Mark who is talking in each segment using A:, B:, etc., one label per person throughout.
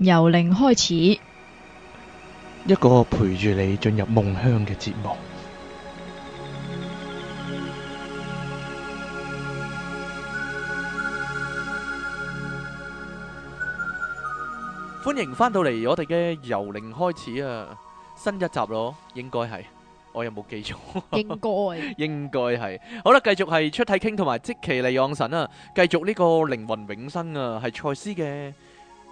A: 由零開始，
B: 一個陪住你進入夢鄉嘅節目。歡迎翻到嚟我哋嘅由零開始啊，新一集咯，應該係，我又冇記錯，應該應該係。好啦，繼續係出體傾同埋即其利昂神啊，繼續呢個靈魂永生啊，係賽斯嘅。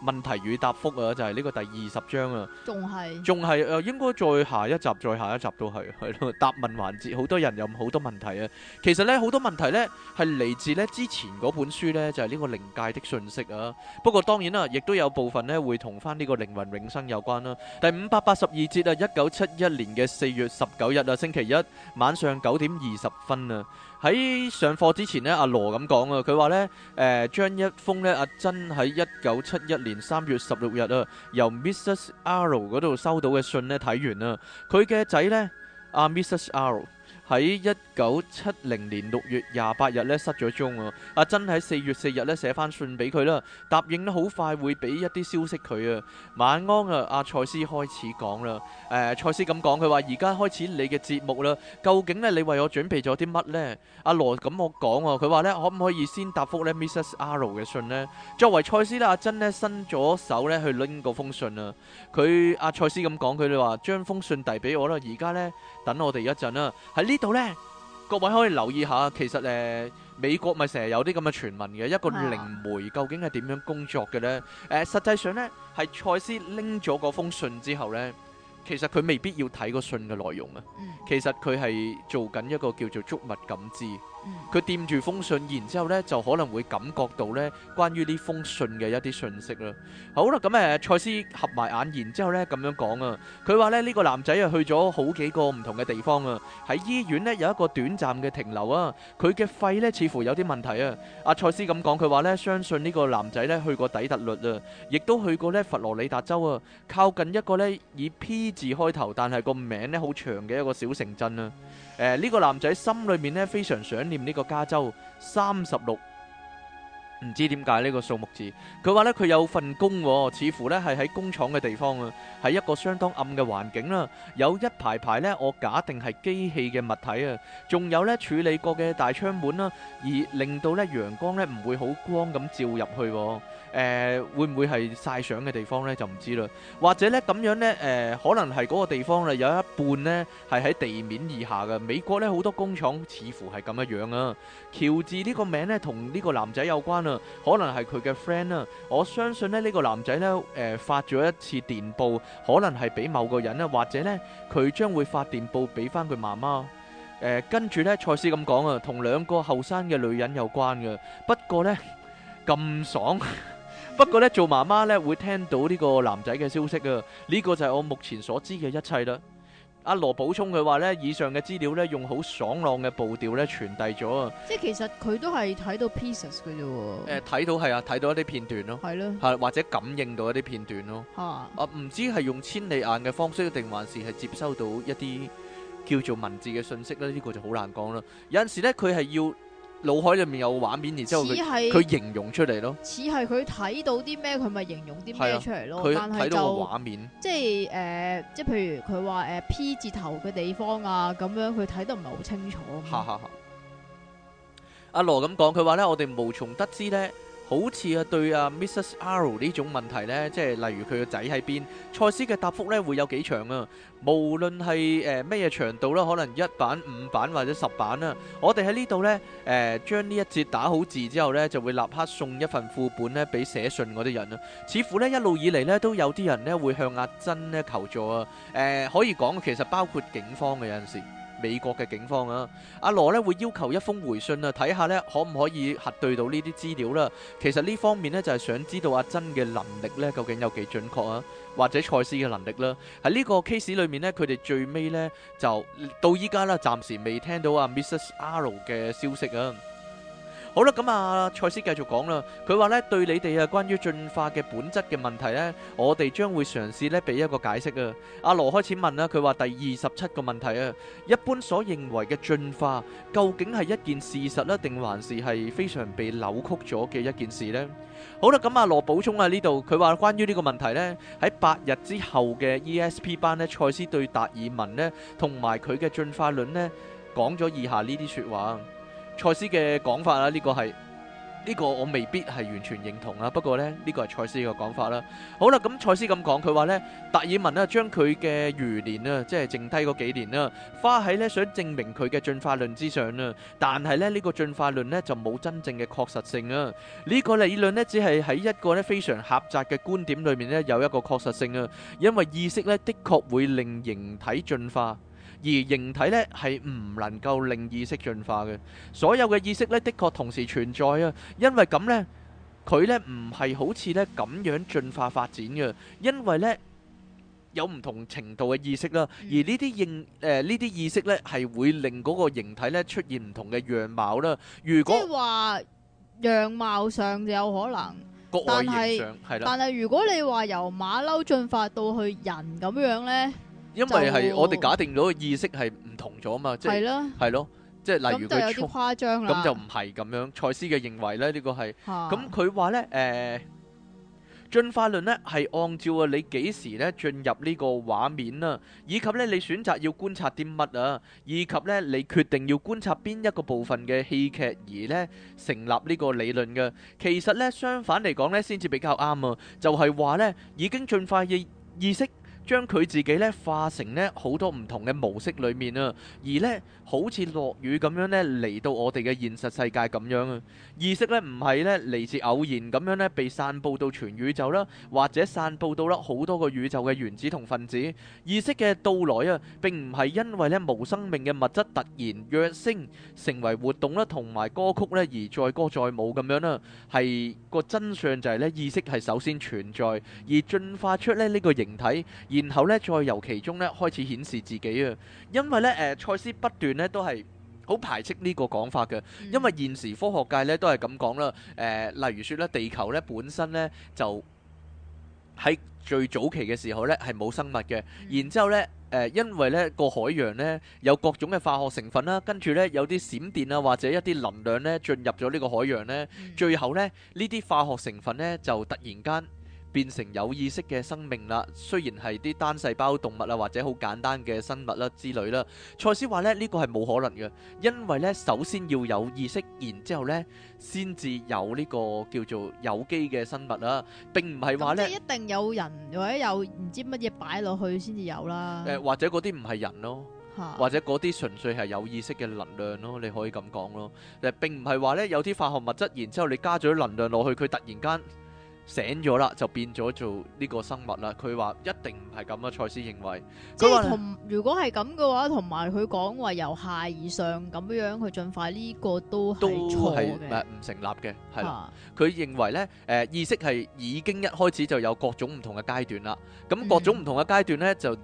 B: 問題與答覆啊，就係呢個第二十章啊，
A: 仲係仲
B: 係誒，應該再下一集，再下一集都係係咯。答問環節，好多人有好多問題啊。其實呢，好多問題呢係嚟自呢之前嗰本書呢，就係呢個靈界的信息啊。不過當然啦，亦都有部分呢會同返呢個靈魂永生有關啦。第五百八十二節啊，一九七一年嘅四月十九日啊，星期一晚上九點二十分啊。喺上課之前咧，阿羅咁講啊，佢話咧，誒、呃、將一封咧，阿珍喺一九七一年三月十六日啊，由 Mrs. R 度收到嘅信咧睇完啦，佢嘅仔咧，阿、啊、Mrs. R 喺一。九七零年六月廿八日咧失咗蹤啊！阿珍喺四月四日咧寫翻信俾佢啦，答應好快會俾一啲消息佢啊。晚安啊！阿賽斯開始講啦，誒、呃，賽斯咁講，佢話而家開始你嘅節目啦。究竟咧你為我準備咗啲乜呢？阿羅咁我講、啊，佢話咧可唔可以先答覆咧 Mrs Arrow 嘅信呢？作為賽斯咧，阿珍呢，伸咗手咧去拎嗰封信啊。佢阿賽斯咁講，佢哋話將封信遞俾我啦。而家呢，等我哋一陣啦，喺呢度呢。各位可以留意下，其實誒、呃、美國咪成日有啲咁嘅傳聞嘅，一個靈媒究竟係點樣工作嘅呢？誒、呃、實際上呢，係賽斯拎咗嗰封信之後呢，其實佢未必要睇個信嘅內容啊。嗯、其實佢係做緊一個叫做觸物感知。佢掂住封信，然之後呢，就可能會感覺到呢關於呢封信嘅一啲信息啦。好啦，咁、嗯、誒，賽斯合埋眼，然之後呢，咁樣講啊。佢話呢，呢、這個男仔啊去咗好幾個唔同嘅地方啊。喺醫院呢，有一個短暫嘅停留啊。佢嘅肺呢，似乎有啲問題啊。阿、啊、賽斯咁講，佢話呢，相信呢個男仔呢，去過底特律啊，亦都去過呢佛羅里達州啊。靠近一個呢以 P 字開頭，但係個名呢好長嘅一個小城鎮啊。誒、呃、呢、這個男仔心裏面呢，非常想念。呢個加州三十六，唔知點解呢個數目字。佢話呢，佢有份工，似乎呢係喺工廠嘅地方啊，係一個相當暗嘅環境啦。有一排排呢，我假定係機器嘅物體啊，仲有呢處理過嘅大窗門啦，而令到呢陽光呢唔會好光咁照入去。誒、呃、會唔會係曬相嘅地方呢？就唔知啦。或者呢，咁樣呢，誒、呃、可能係嗰個地方咧有一半呢係喺地面以下嘅。美國呢好多工廠似乎係咁一樣咁樣樣啊。喬治呢個名呢同呢個男仔有關啊，可能係佢嘅 friend 啊。我相信呢，呢、呢個男仔呢誒、呃、發咗一次電報，可能係俾某個人咧，或者呢，佢將會發電報俾翻佢媽媽。呃、跟住呢，賽斯咁講啊，同兩個後生嘅女人有關嘅。不過呢，咁爽。 不過咧，做媽媽咧會聽到呢個男仔嘅消息啊。呢、這個就係我目前所知嘅一切啦。阿羅補充佢話咧，以上嘅資料咧用好爽朗嘅步調咧傳遞咗。啊。
A: 即係其實佢都係睇到 pieces 嘅啫、哦。誒、呃，
B: 睇到係啊，睇到一啲片段咯。係咯，係 或者感應到一啲片段咯。 啊，啊唔知係用千里眼嘅方式定還是係接收到一啲叫做文字嘅信息咧？呢、這個就好難講啦。有陣時咧，佢係要。腦海裏面有畫面，然之後佢佢似係形容出嚟咯。
A: 似係佢睇到啲咩，佢咪形容啲咩出嚟咯。睇、啊、到個畫面，即係誒，即係、呃、譬如佢話誒 P 字頭嘅地方啊，咁樣佢睇得唔係好清楚。吓
B: 吓吓，阿羅咁講，佢話咧，我哋無從得知咧。好似啊，對啊，Mrs. Arrow 呢種問題呢，即係例如佢個仔喺邊，賽斯嘅答覆呢會有幾長啊？無論係誒咩嘢長度啦，可能一版、五版或者十版啊。我哋喺呢度呢，誒、呃，將呢一節打好字之後呢，就會立刻送一份副本呢俾寫信嗰啲人啊。似乎呢一路以嚟呢，都有啲人呢會向阿珍呢求助啊。誒、呃，可以講其實包括警方嘅有陣時。美國嘅警方啊，阿羅咧會要求一封回信啊，睇下咧可唔可以核對到呢啲資料啦、啊。其實呢方面咧就係、是、想知道阿珍嘅能力咧究竟有幾準確啊，或者賽斯嘅能力啦、啊。喺呢個 case 裏面咧，佢哋最尾咧就到依家啦，暫時未聽到阿 Mrs. R 嘅消息啊。好啦，咁啊，賽斯繼續講啦。佢話咧，對你哋啊，關於進化嘅本質嘅問題咧，我哋將會嘗試咧，俾一個解釋啊。阿羅開始問啦，佢話第二十七個問題啊，一般所認為嘅進化究竟係一件事實咧，定還是係非常被扭曲咗嘅一件事呢？好啦，咁阿羅補充啊，呢度佢話關於呢個問題咧，喺八日之後嘅 E S P 班咧，賽斯對達爾文呢，同埋佢嘅進化論呢，講咗以下呢啲說話。賽斯嘅講法啦，呢、這個係呢、這個我未必係完全認同啦。不過呢，呢、這個係賽斯嘅講法啦。好啦，咁賽斯咁講，佢話呢，達爾文呢將佢嘅餘年啊，即係剩低嗰幾年啦，花喺呢，想證明佢嘅進化論之上啊。但係呢，呢、這個進化論呢，就冇真正嘅確實性啊。呢、這個理論呢，只係喺一個呢非常狹窄嘅觀點裏面呢，有一個確實性啊。因為意識呢，的確會令形體進化。而形體咧係唔能夠令意識進化嘅，所有嘅意識咧的確同時存在啊，因為咁咧佢咧唔係好似咧咁樣進化發展嘅，因為咧有唔同程度嘅意識啦，而呢啲認誒呢啲意識咧係會令嗰個形體咧出現唔同嘅樣貌啦。如果即係話
A: 樣貌上有可能，但係但係如果你話由馬騮進化到去人咁樣咧？因為係我哋
B: 假定到嘅意識係唔同咗嘛，即係係咯，即係例如佢誇
A: 張啦，咁就唔
B: 係咁樣。賽斯嘅認為咧，呢個係咁佢話咧誒進化論咧係按照啊你幾時咧進入呢個畫面啊，以及咧你選擇要觀察啲乜啊，以及咧你決定要觀察邊一個部分嘅戲劇而咧成立呢個理論嘅。其實咧相反嚟講咧先至比較啱啊，就係話咧已經進化嘅意識。將佢自己咧化成咧好多唔同嘅模式裏面啊，而呢好似落雨咁樣呢嚟到我哋嘅現實世界咁樣啊。意識呢唔係呢嚟自偶然咁樣呢被散佈到全宇宙啦，或者散佈到啦好多個宇宙嘅原子同分子。意識嘅到來啊並唔係因為呢無生命嘅物質突然躍升成為活動啦，同埋歌曲呢而載歌載舞咁樣啦。係、嗰個真相就係呢意識係首先存在，而進化出咧呢個形體然後呢，再由其中呢開始顯示自己啊！因為呢，誒，賽斯不斷呢都係好排斥呢個講法嘅，因為現時科學界呢都係咁講啦。誒，例如說咧，地球呢本身呢就喺最早期嘅時候呢係冇生物嘅。然之後呢，誒，因為呢個海洋呢有各種嘅化學成分啦，跟住呢有啲閃電啊或者一啲能量呢進入咗呢個海洋呢，最後呢呢啲化學成分呢就突然間，變成有意識嘅生命啦，雖然係啲單細胞動物啊，或者好簡單嘅生物啦之類啦。賽斯話咧呢個係冇可能嘅，因為咧首先要有意識，然之後咧先至有呢個叫做有機嘅生物啦，並唔係話咧即係一
A: 定有人或者有唔知乜嘢擺落去先至有啦。誒，
B: 或者嗰啲唔係人咯，或者嗰啲純粹係有意識嘅能量咯，你可以咁講咯。誒，並唔係話咧有啲化學物質，然之後你加咗能量落去，佢突然間。醒咗啦，就變咗做呢個生物啦。佢話一定唔係咁啊，賽斯認為。即係同
A: 如果係咁嘅話，同埋佢講話由下而上咁樣樣去進化呢個都係錯嘅，唔
B: 成立嘅。係。佢、啊、認為咧，誒、呃、意識係已經一開始就有各種唔同嘅階段啦。咁各種唔同嘅階段呢，嗯、就。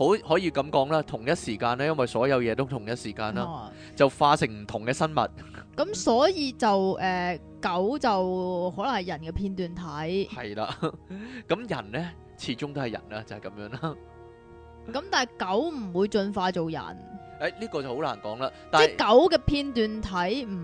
B: 好可以咁講啦，同一時間咧，因為所有嘢都同一時間啦，就化成唔同嘅生物。
A: 咁所以就誒，狗就可能係人嘅片段體。係
B: 啦，咁人咧始終都係人啦，就係咁樣啦。
A: 咁但係狗唔會進化做人。
B: 誒，呢個就好難講啦。即係狗
A: 嘅片段體唔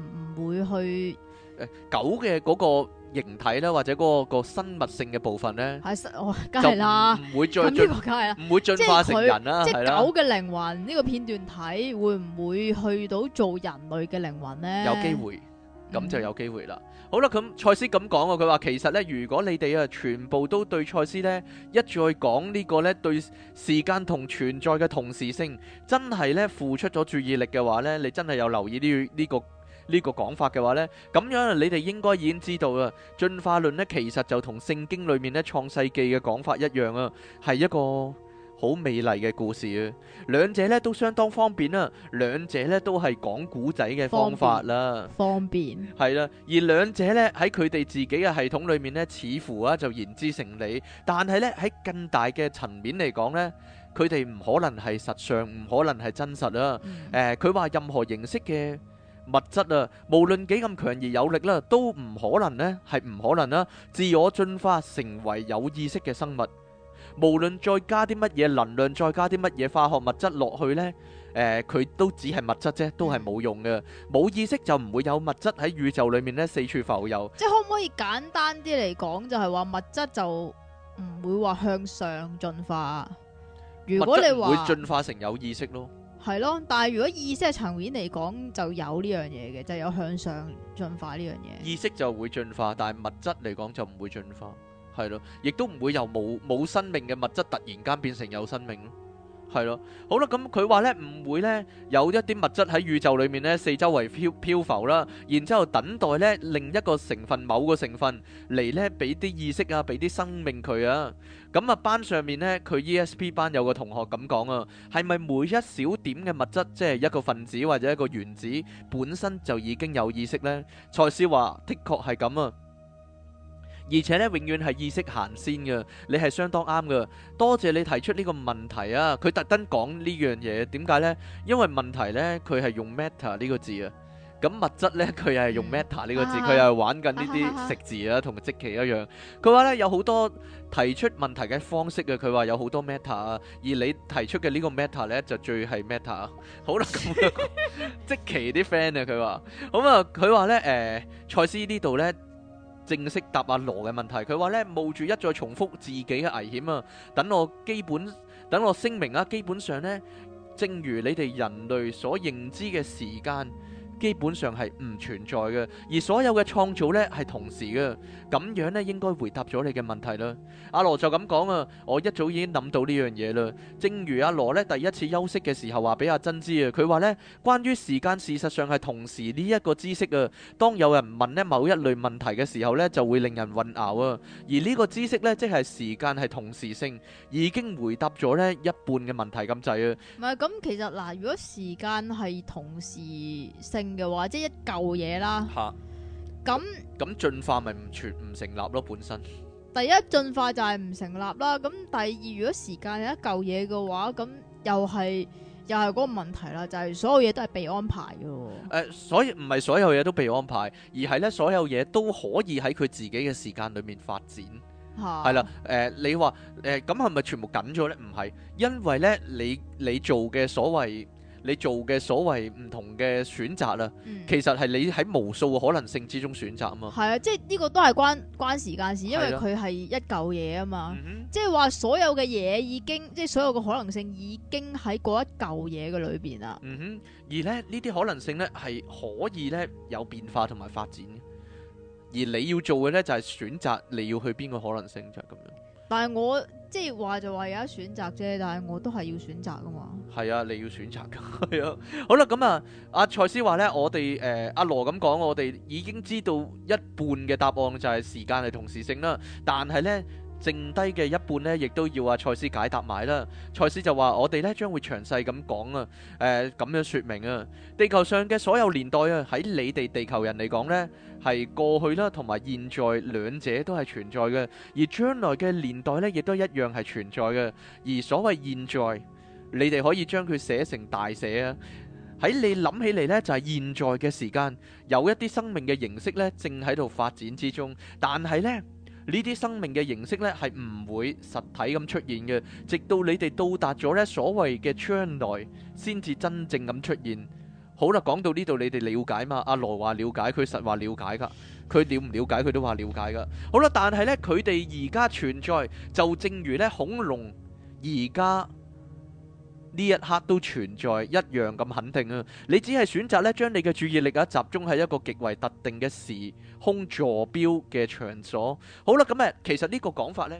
A: 會去
B: 誒，狗嘅嗰個。形體啦，或者嗰個個生物性嘅部分咧，
A: 係實，梗係啦，唔會再唔會進化成人啦，即係狗嘅靈魂呢個片段睇會唔會去到做人類嘅靈魂咧？有機會，
B: 咁就有機會啦。好啦，咁賽斯咁講啊，佢話其實咧，如果你哋啊全部都對賽斯咧一再講呢個咧對時間同存在嘅同時性，真係咧付出咗注意力嘅話咧，你真係有留意呢呢個。呢個講法嘅話咧，咁樣你哋應該已經知道啦。進化論咧，其實就同聖經裏面咧創世記嘅講法一樣啊，係一個好美麗嘅故事啊。兩者咧都相當方便啦，兩者咧都係講古仔嘅方法啦。
A: 方便。
B: 係啦，而兩者咧喺佢哋自己嘅系統裏面咧，似乎啊就言之成理，但係咧喺更大嘅層面嚟講咧，佢哋唔可能係實相，唔可能係真實啦。誒，佢話任何形式嘅。物質啊，無論幾咁強而有力啦，都唔可能呢，係唔可能啦，自我進化成為有意識嘅生物。無論再加啲乜嘢能量，再加啲乜嘢化學物質落去呢，誒，佢都只係物質啫，都係冇用嘅。冇意識就唔會有物質喺宇宙裏面呢四處浮游。即
A: 係可唔可以簡單啲嚟講，就係話物質就唔會話向上進化？如果你話會進
B: 化成有意識咯。
A: 係咯，但係如果意識層面嚟講就有呢樣嘢嘅，就有向上進化呢樣嘢。意
B: 識就會進化，但係物質嚟講就唔會進化，係咯，亦都唔會由冇冇生命嘅物質突然間變成有生命咯，係咯。好啦，咁佢話呢，唔會呢，有一啲物質喺宇宙裏面呢，四周圍漂浮啦，然之後等待呢，另一個成分某個成分嚟呢，俾啲意識啊俾啲生命佢啊。咁啊班上面呢，佢 E S P 班有個同學咁講啊，係咪每一小點嘅物質，即係一個分子或者一個原子，本身就已經有意識呢？賽斯話的確係咁啊，而且呢，永遠係意識行先嘅，你係相當啱噶，多謝你提出呢個問題啊！佢特登講呢樣嘢，點解呢？因為問題呢，佢係用 matter 呢個字啊。咁物質咧，佢又係用 matter 呢個字，佢又係玩緊呢啲食字啊，同積奇一樣。佢話咧，有好多提出問題嘅方式啊。佢話有好多 matter，而你提出嘅呢個 matter 咧，就最係 matter。好啦，咁積奇啲 friend 啊，佢話：， 咁啊佢話咧誒，賽斯呢度咧正式答阿羅嘅問題。佢話咧，冒住一再重複自己嘅危險啊，等我基本，等我聲明啊，基本上咧，正如你哋人類所認知嘅時間。基本上係唔存在嘅，而所有嘅創造咧係同時嘅，咁樣咧應該回答咗你嘅問題啦。阿羅就咁講啊，我一早已經諗到呢樣嘢啦。正如阿羅咧第一次休息嘅時候話俾阿珍知啊，佢話咧關於時間，事實上係同時呢一個知識啊。當有人問咧某一類問題嘅時候咧，就會令人混淆啊。而呢個知識咧，即係時間係同時性，已經回答咗咧一半嘅問題咁滯啊。
A: 唔係咁，其實嗱，如果時間係同時性，嘅話即係一舊嘢啦，咁
B: 咁進化咪唔全唔成立咯？本身
A: 第一進化就係唔成立啦，咁第二如果時間係一舊嘢嘅話，咁又係又係嗰個問題啦，就係所有嘢都係被安排嘅。
B: 誒，所以唔係所有嘢都被安排，而係咧所有嘢都可以喺佢自己嘅時間裏面發展，
A: 係啦。
B: 誒，你話誒咁係咪全部緊咗咧？唔係，因為咧你你做嘅所謂。你做嘅所謂唔同嘅選擇啦，其實係你喺無數嘅可能性之中選擇啊嘛。
A: 係啊，即係呢個都係關關時間事，因為佢係一嚿嘢啊嘛。即係話所有嘅嘢已經，即係所有嘅可能性已經喺嗰一嚿嘢嘅裏邊啦。嗯
B: 哼，而咧呢啲可能性咧係可以咧有變化同埋發展嘅。而你要做嘅咧就係選擇你要去邊個可能性就係咁樣。
A: 但係我。即係話就話有得選擇啫，但係我都係要選擇㗎嘛。
B: 係啊，你要選擇㗎。係啊， 好啦，咁啊，阿、啊、賽斯話咧，我哋誒阿羅咁講，我哋已經知道一半嘅答案就係時間係同時性啦，但係咧。剩低嘅一半呢，亦都要阿賽斯解答埋啦。賽斯就話：我哋呢將會詳細咁講啊，誒咁樣說明啊。地球上嘅所有年代啊，喺你哋地球人嚟講呢，係過去啦，同埋現在兩者都係存在嘅，而將來嘅年代呢，亦都一樣係存在嘅。而所謂現在，你哋可以將佢寫成大寫啊。喺你諗起嚟呢，就係現在嘅時間，有一啲生命嘅形式呢，正喺度發展之中，但係呢。呢啲生命嘅形式咧，係唔會實體咁出現嘅，直到你哋到達咗咧所謂嘅窗內，先至真正咁出現。好啦，講到呢度，你哋了解嘛？阿羅話了解，佢實話了解噶，佢了唔了解，佢都話了解噶。好啦，但係咧，佢哋而家存在，就正如咧恐龍而家呢一刻都存在一樣咁肯定啊！你只係選擇咧，將你嘅注意力啊集中喺一個極為特定嘅時空坐標嘅場所。好啦，咁啊，其實呢個講法呢，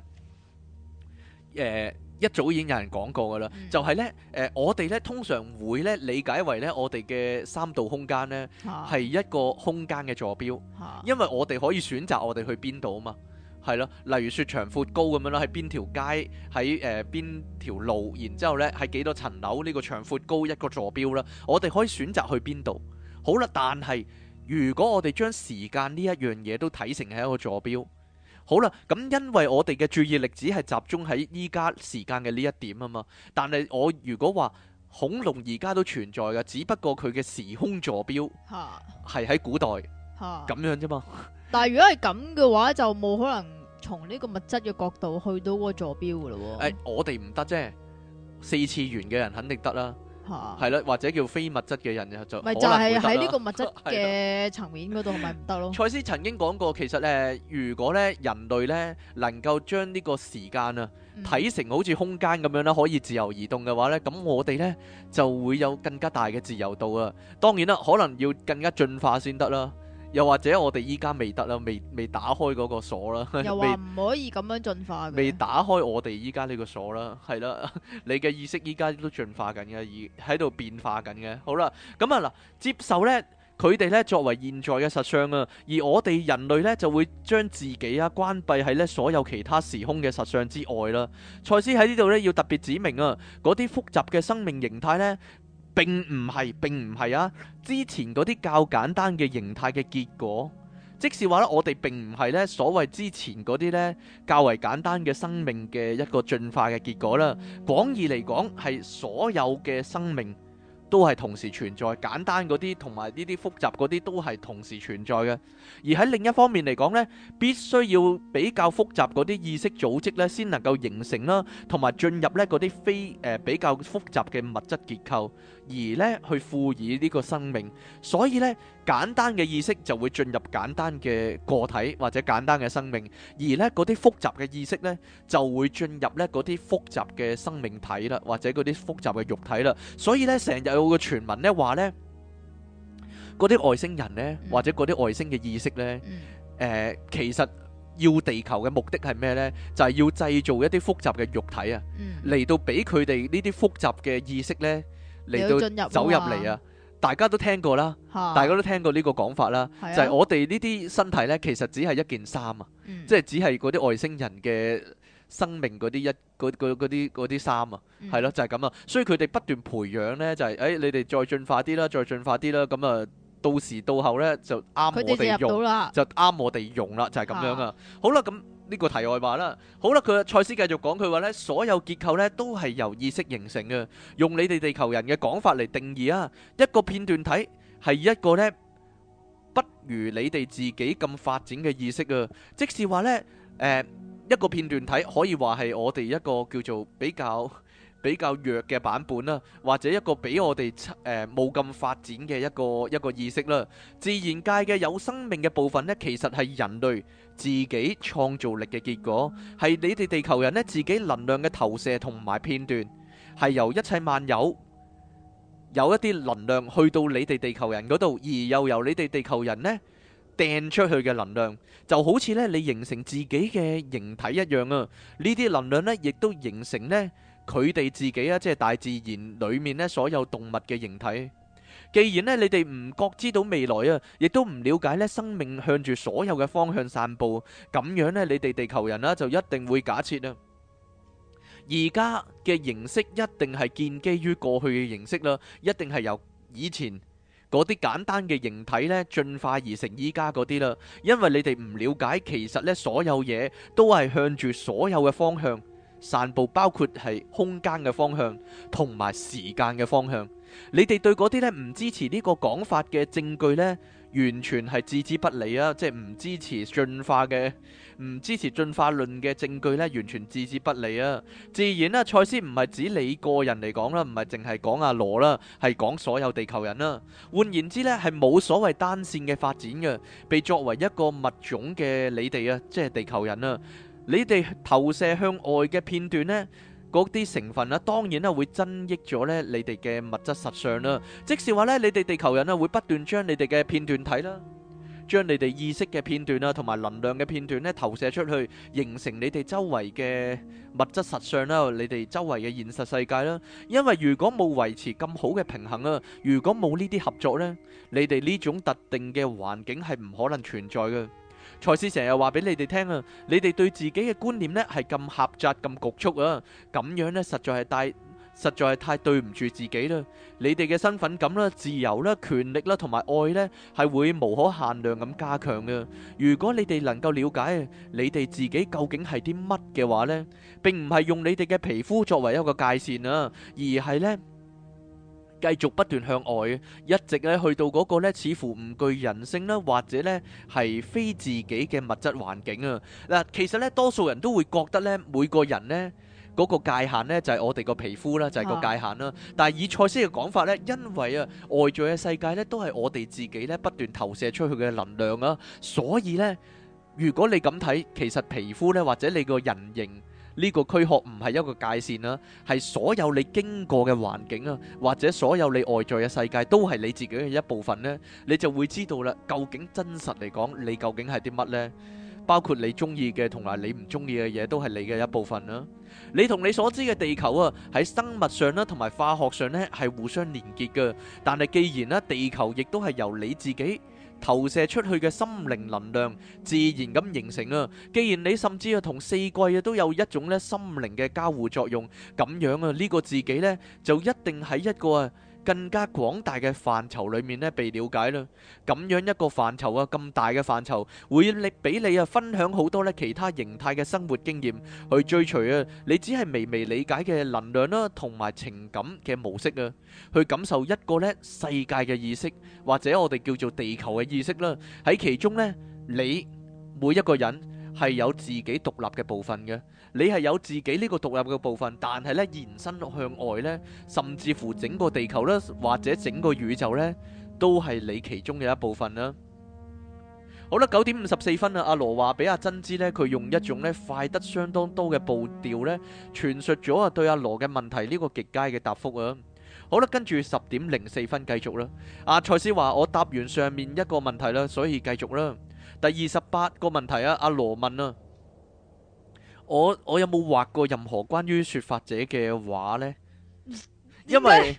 B: 誒、呃、一早已經有人講過噶啦，就係、是、呢，誒、呃、我哋呢通常會咧理解為呢，我哋嘅三度空間呢係一個空間嘅坐標，因為我哋可以選擇我哋去邊度啊嘛。係咯，例如說長闊高咁樣啦，喺邊條街，喺誒邊條路，然之後咧喺幾多層樓呢、呢個長闊高一個坐標啦。我哋可以選擇去邊度，好啦。但係如果我哋將時間呢一樣嘢都睇成係一個坐標，好啦，咁、嗯、因為我哋嘅注意力只係集中喺依家時間嘅呢一點啊嘛。但係我如果話恐龍而家都存在嘅，只不過佢嘅時空坐標係喺古代，咁哈樣啫嘛。
A: 但係如果係咁嘅話，就冇可能。從呢個物質嘅角度去到嗰個坐標嘅咯，
B: 誒，我哋唔得啫，四次元嘅人肯定得啦，係啦哈，或者叫非物質嘅人嘅合作。唔係就係喺呢個物
A: 質嘅層面嗰度，咪唔得咯。賽斯曾經
B: 講過，其實誒，如果咧人類咧能夠將呢個時間啊睇成好似空間咁樣咧，可以自由移動嘅話咧，咁我哋咧就會有更加大嘅自由度啊。當然啦，可能要更加進化先得啦。又或者我哋依家未得啦，未未打開嗰個鎖啦，又說 未
A: 唔可以咁樣進化。未
B: 打開我哋依家呢個鎖啦，係啦， 你嘅意識依家都進化緊嘅，而喺度變化緊嘅。好啦，咁啊嗱，接受呢，佢哋呢作為現在嘅實相啊，而我哋人類呢，就會將自己啊關閉喺呢所有其他時空嘅實相之外啦。賽斯喺呢度呢，要特別指明啊，嗰啲複雜嘅生命形態呢。並唔係，並唔係啊！之前嗰啲較簡單嘅形態嘅結果，即是話咧，我哋並唔係咧所謂之前嗰啲咧較為簡單嘅生命嘅一個進化嘅結果啦。廣義嚟講，係所有嘅生命都係同時存在，簡單嗰啲同埋呢啲複雜嗰啲都係同時存在嘅。而喺另一方面嚟講咧，必須要比較複雜嗰啲意識組織咧，先能夠形成啦，同埋進入咧嗰啲非誒比較複雜嘅物質結構。而咧去賦予呢個生命，所以咧簡單嘅意識就會進入簡單嘅個體或者簡單嘅生命，而咧嗰啲複雜嘅意識咧就會進入咧嗰啲複雜嘅生命體啦，或者嗰啲複雜嘅肉體啦。所以咧成日有個傳聞咧話咧，嗰啲外星人咧或者嗰啲外星嘅意識咧，誒、呃，其實要地球嘅目的係咩咧？就係、是、要製造一啲複雜嘅肉體啊，嚟到俾佢哋呢啲複雜嘅意識咧。嚟到走入嚟啊！大家都聽過啦，啊、大家都聽過呢個講法啦，啊、就係我哋呢啲身體呢，其實只係一件衫啊，嗯、即係只係嗰啲外星人嘅生命嗰啲一啲啲衫啊，係咯就係咁啊！所以佢哋不斷培養呢，就係、是、誒、哎、你哋再進化啲啦，再進化啲啦，咁、嗯、啊到時到後呢，就啱我哋用啦，就啱我哋用啦，就係咁樣啊！好啦咁。呢個題外話啦，好啦，佢賽斯繼續講佢話呢，所有結構呢都係由意識形成嘅。用你哋地球人嘅講法嚟定義啊，一個片段體係一個呢，不如你哋自己咁發展嘅意識啊。即是話呢，誒一個片段體可以話係我哋一個叫做比較比較弱嘅版本啦，或者一個比我哋誒冇咁發展嘅一個一個意識啦。自然界嘅有生命嘅部分咧，其實係人類自己創造力嘅結果，係你哋地球人咧自己能量嘅投射同埋片段，係由一切萬有有一啲能量去到你哋地球人嗰度，而又由你哋地球人咧掟出去嘅能量，就好似咧你形成自己嘅形體一樣啊。呢啲能量咧，亦都形成咧。佢哋自己啊，即係大自然裏面咧所有動物嘅形體。既然咧你哋唔覺知到未來啊，亦都唔了解咧生命向住所有嘅方向散步，咁樣咧你哋地球人啦就一定會假設啊，而家嘅形式一定係建基於過去嘅形式啦，一定係由以前嗰啲簡單嘅形體咧進化而成依家嗰啲啦。因為你哋唔了解，其實咧所有嘢都係向住所有嘅方向。散布，包括係空間嘅方向同埋時間嘅方向。你哋對嗰啲咧唔支持呢個講法嘅證據咧，完全係置之不理啊！即係唔支持進化嘅，唔支持進化論嘅證據咧，完全置之不理啊！自然咧，賽斯唔係指你個人嚟講啦，唔係淨係講阿羅啦，係講所有地球人啦、啊。換言之咧，係冇所謂單線嘅發展嘅，被作為一個物種嘅你哋啊，即係地球人啊！你哋投射向外嘅片段呢，嗰啲成分啊，當然啦，會增益咗咧你哋嘅物質實相啦。即是話咧，你哋地球人啊，會不斷將你哋嘅片段睇啦，將你哋意識嘅片段啊，同埋能量嘅片段咧投射出去，形成你哋周圍嘅物質實相啦，你哋周圍嘅現實世界啦。因為如果冇維持咁好嘅平衡啊，如果冇呢啲合作咧，你哋呢種特定嘅環境係唔可能存在嘅。賽斯成日話俾你哋聽啊，你哋對自己嘅觀念呢係咁狹窄，咁局促啊，咁樣呢實在係太實在係太對唔住自己啦。你哋嘅身份感啦，自由啦，權力啦同埋愛呢係會無可限量咁加強嘅。如果你哋能夠了解你哋自己究竟係啲乜嘅話呢，並唔係用你哋嘅皮膚作為一個界線啊，而係呢。繼續不斷向外，一直咧去到嗰個咧，似乎唔具人性啦，或者咧係非自己嘅物質環境啊。嗱，其實咧多數人都會覺得咧，每個人咧嗰，就是，個界限咧就係我哋個皮膚啦，就係個界限啦。但係以賽斯嘅講法咧，因為啊外在嘅世界咧都係我哋自己咧不斷投射出去嘅能量啊，所以咧如果你咁睇，其實皮膚咧或者你個人形。呢個軀殼唔係一個界線啦，係所有你經過嘅環境啊，或者所有你外在嘅世界都係你自己嘅一部分咧。你就會知道啦，究竟真實嚟講，你究竟係啲乜咧？包括你中意嘅同埋你唔中意嘅嘢，都係你嘅一部分啦。你同你所知嘅地球啊，喺生物上啦，同埋化學上咧，係互相連結嘅。但係既然啦，地球亦都係由你自己。投射出去嘅心靈能量，自然咁形成啊！既然你甚至啊同四季啊都有一種咧心靈嘅交互作用，咁樣啊呢個自己呢就一定係一個啊。更加廣大嘅範疇裏面咧，被了解啦。咁樣一個範疇啊，咁大嘅範疇，會你俾你啊分享好多咧其他形態嘅生活經驗，去追隨啊你只係微微理解嘅能量啦，同埋情感嘅模式啊，去感受一個咧世界嘅意識，或者我哋叫做地球嘅意識啦。喺其中咧，你每一個人係有自己獨立嘅部分嘅。你係有自己呢個獨立嘅部分，但係咧延伸向外咧，甚至乎整個地球咧，或者整個宇宙咧，都係你其中嘅一部分啦。好啦，九 點五十四分啊，阿羅話俾阿珍知咧，佢用一種咧快得相當多嘅步調咧，傳述咗啊對阿羅嘅問題呢個極佳嘅答覆啊。好啦，跟住十點零四分繼續啦。阿賽斯話，我答完上面一個問題啦，所以繼續啦。第二十八個問題啊，阿羅問啊。我我有冇畫過任何關於說法者嘅畫呢？因為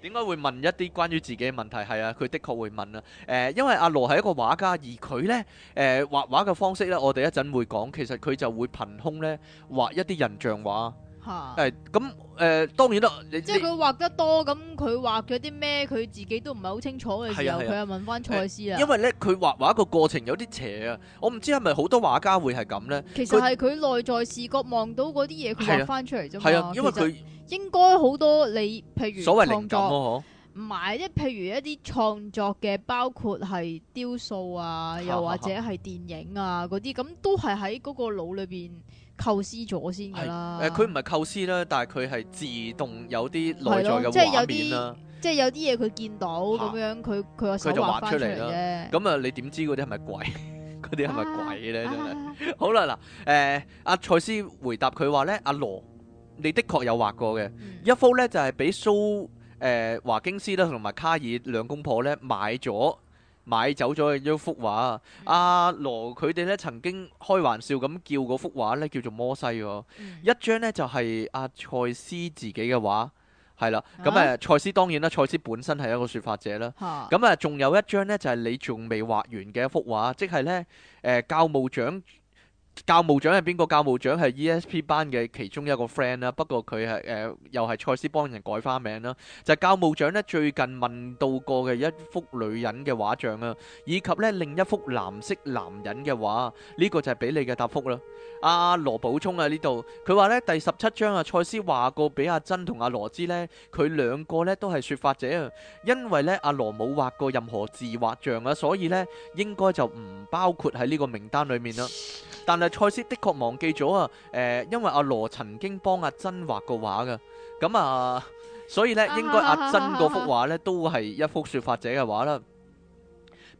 B: 點解會問一啲關於自己嘅問題？係啊，佢的確會問啊。誒、呃，因為阿羅係一個畫家，而佢呢誒畫畫嘅方式呢，我哋一陣會講。其實佢就會憑空呢畫一啲人像畫。吓，誒、嗯、咁、嗯、誒、當然啦，即係佢
A: 畫得多，咁佢畫咗啲咩，佢自己都唔係好清楚嘅時候，佢又、啊啊、問翻賽斯啊，啊。因為
B: 咧，佢畫畫個過程有啲邪啊，我唔知係咪好多畫家會係咁咧。其實係
A: 佢內在視覺望到嗰啲嘢，佢畫翻出嚟啫嘛。係啊，因為佢應該好多你，譬如作所謂靈感唔係，即係譬如一啲創作嘅，包括係雕塑啊，又或者係電影啊嗰啲，咁、啊啊啊、都係喺嗰個腦裏邊。構思咗先噶
B: 啦，誒、呃，佢唔係構思啦，但係佢係自動有啲內在嘅畫面啦，
A: 即係有啲嘢佢見到咁樣，佢佢就畫出嚟。啦，
B: 咁啊，你點、嗯、知嗰啲係咪鬼？嗰啲係咪鬼咧？好啦，嗱，誒，阿賽斯回答佢話咧，阿、啊、羅，你的確有畫過嘅、嗯、一幅咧，就係俾蘇誒華京斯啦，同埋卡爾兩公婆咧買咗。買走咗一幅畫，阿、啊、羅佢哋咧曾經開玩笑咁叫嗰幅畫，咧叫做摩西喎、哦，嗯、一張呢就係阿賽斯自己嘅畫，係啦，咁誒賽斯當然啦，賽斯本身係一個説法者啦，咁誒仲有一張呢，就係、是、你仲未畫完嘅一幅畫，即係呢誒、呃、教務長。教務長係邊個？教務長係 ESP 班嘅其中一個 friend 啦，不過佢係誒又係賽斯幫人改花名啦。就係教務長咧，最近問到過嘅一幅女人嘅畫像啊，以及咧，另一幅藍色男人嘅畫，呢個就係俾你嘅答覆啦。阿羅補充啊，呢度，佢話咧，第十七章啊，賽斯話過俾阿珍同阿羅知咧，佢兩個咧都係說法者啊，因為咧阿羅冇畫過任何自畫像啊，所以咧應該就唔包括喺呢個名單裏面啦。但賽斯的確忘記咗啊，誒、呃，因為阿羅曾經幫阿珍畫過畫噶，咁、嗯、啊、呃，所以咧應該阿珍幅畫咧都係一幅説法者嘅畫啦。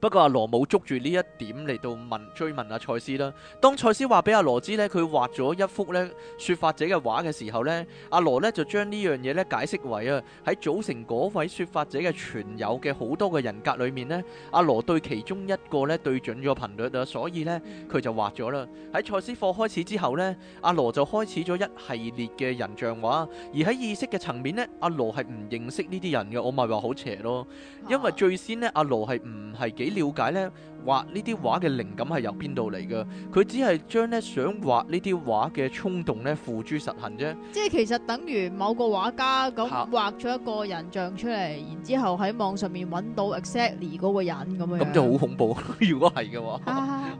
B: 不過阿羅冇捉住呢一點嚟到問追問阿、啊、賽斯啦。當賽斯話俾阿羅知呢，佢畫咗一幅呢説法者嘅畫嘅時候呢，阿、啊、羅呢就將呢樣嘢呢解釋為啊，喺組成嗰位説法者嘅存有嘅好多個人格裡面呢，阿、啊、羅對其中一個呢對準咗頻率啊，所以呢，佢就畫咗啦。喺賽斯課開始之後呢，阿、啊、羅就開始咗一系列嘅人像畫，而喺意識嘅層面呢，阿、啊、羅係唔認識呢啲人嘅，我咪話好邪咯，因為最先呢，阿、啊、羅係唔係幾。了解咧畫呢啲畫嘅靈感係由邊度嚟嘅？佢只係將咧想畫呢啲畫嘅衝動咧付諸實行啫。
A: 即係其實等於某個畫家咁畫咗一個人像出嚟，啊、然後之後喺網上面搵到 exactly 嗰個人咁樣。咁就好恐
B: 怖，啊、 如果係嘅話，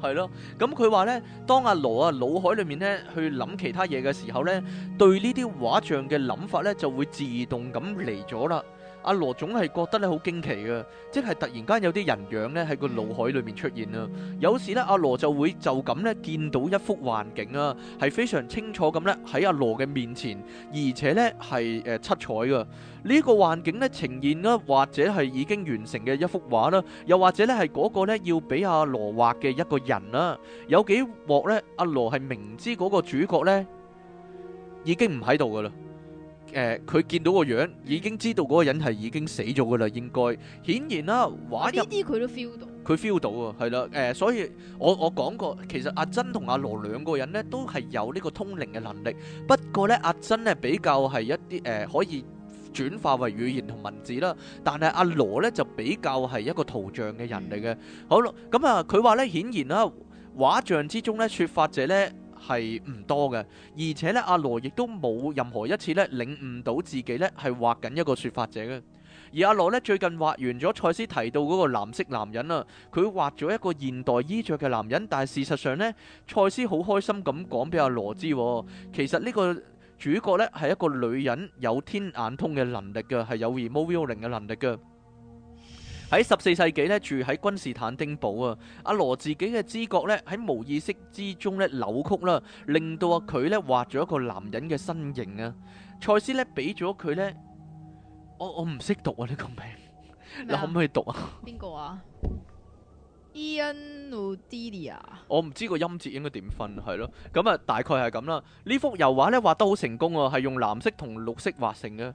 B: 係咯、啊。咁佢話咧，當阿羅啊腦海裏面咧去諗其他嘢嘅時候咧，對呢啲畫像嘅諗法咧就會自動咁嚟咗啦。阿羅總係覺得咧好驚奇噶，即係突然間有啲人樣咧喺個腦海裏面出現啊。有時咧阿羅就會就咁咧見到一幅環境啊，係非常清楚咁咧喺阿羅嘅面前，而且咧係誒七彩噶。呢、這個環境咧呈，呈現啊，或者係已經完成嘅一幅畫啦，又或者咧係嗰個咧要俾阿羅畫嘅一個人啦。有幾鑊咧，阿羅係明知嗰個主角咧已經唔喺度噶啦。誒，佢、呃、見到個樣，已經知道嗰個人係已經死咗噶啦應該顯然啦、啊。畫呢啲
A: 佢都 feel 到，
B: 佢 feel 到啊，係啦。誒、呃，所以我我講過，其實阿珍同阿羅兩個人咧，都係有呢個通靈嘅能力。不過咧，阿珍咧比較係一啲誒、呃，可以轉化為語言同文字啦。但係阿羅咧就比較係一個圖像嘅人嚟嘅。嗯、好啦，咁、嗯呃、啊，佢話咧，顯然啦，畫像之中咧，說法者咧，係唔多嘅，而且咧，阿羅亦都冇任何一次咧領悟到自己咧係畫緊一個說法者嘅。而阿羅咧最近畫完咗賽斯提到嗰個藍色男人啦，佢畫咗一個現代衣着嘅男人，但係事實上呢，賽斯好開心咁講俾阿羅知，其實呢個主角咧係一個女人，有天眼通嘅能力嘅，係有如魔幽靈嘅能力嘅。喺十四世紀咧住喺君士坦丁堡啊。阿羅自己嘅知覺咧喺無意識之中咧扭曲啦，令到阿佢咧畫咗一個男人嘅身形啊。賽斯咧俾咗佢咧，我我唔識讀啊呢個名，
A: 你可唔可以讀啊， 啊？邊個啊？Ian Odelia 。
B: 我唔知個音節應該點分，係咯咁啊？大概係咁啦。呢幅油畫咧畫得好成功啊，係用藍色同綠色畫成嘅。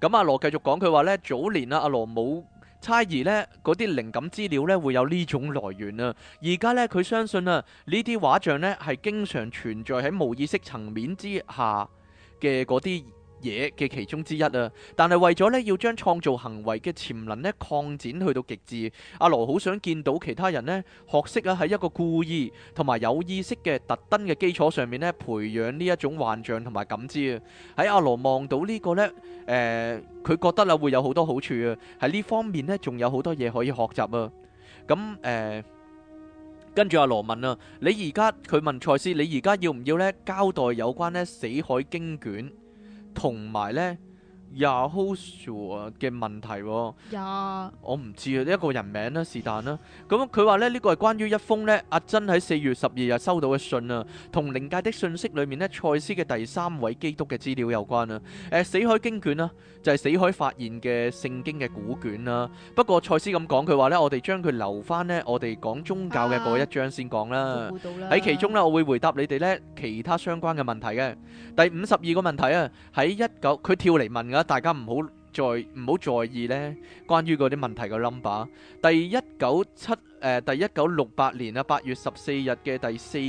B: 咁阿羅繼續講佢話咧，早年啊，阿羅冇。猜疑呢啲靈感資料呢會有呢種來源啊！而家呢佢相信啊，呢啲畫像呢係經常存在喺無意識層面之下嘅啲，嘢嘅其中之一啊，但係為咗呢要將創造行為嘅潛能咧擴展去到極致，阿羅好想見到其他人呢，學識啊，喺一個故意同埋有意識嘅特登嘅基礎上面呢，培養呢一種幻象同埋感知啊。喺阿羅望到呢個呢，誒、呃，佢覺得啦會有好多好處啊。喺呢方面呢，仲有好多嘢可以學習啊。咁、嗯、誒、呃，跟住阿羅問啊：「你而家佢問賽斯，你而家要唔要呢？交代有關呢死海經卷？同埋咧。廿 house 嘅問題，我唔知啊，一個人名啦，是但啦。咁佢話咧，呢個係關於一封咧阿珍喺四月十二日收到嘅信啦，同《靈界的訊息》裏面咧賽斯嘅第三位基督嘅資料有關啦。誒，死海經卷啦，就係死海發現嘅聖經嘅古卷啦。不過賽斯咁講，佢話咧，我哋將佢留翻咧，我哋講宗教嘅嗰一章先講啦。喺其中咧，我會回答你哋咧其他相關嘅問題嘅。第五十二個問題啊，喺一九，佢跳嚟問噶。啊！大家唔好在唔好在意咧，關於嗰啲問題嘅 number，第一九七誒，第一九六八年啊八月十四日嘅第四九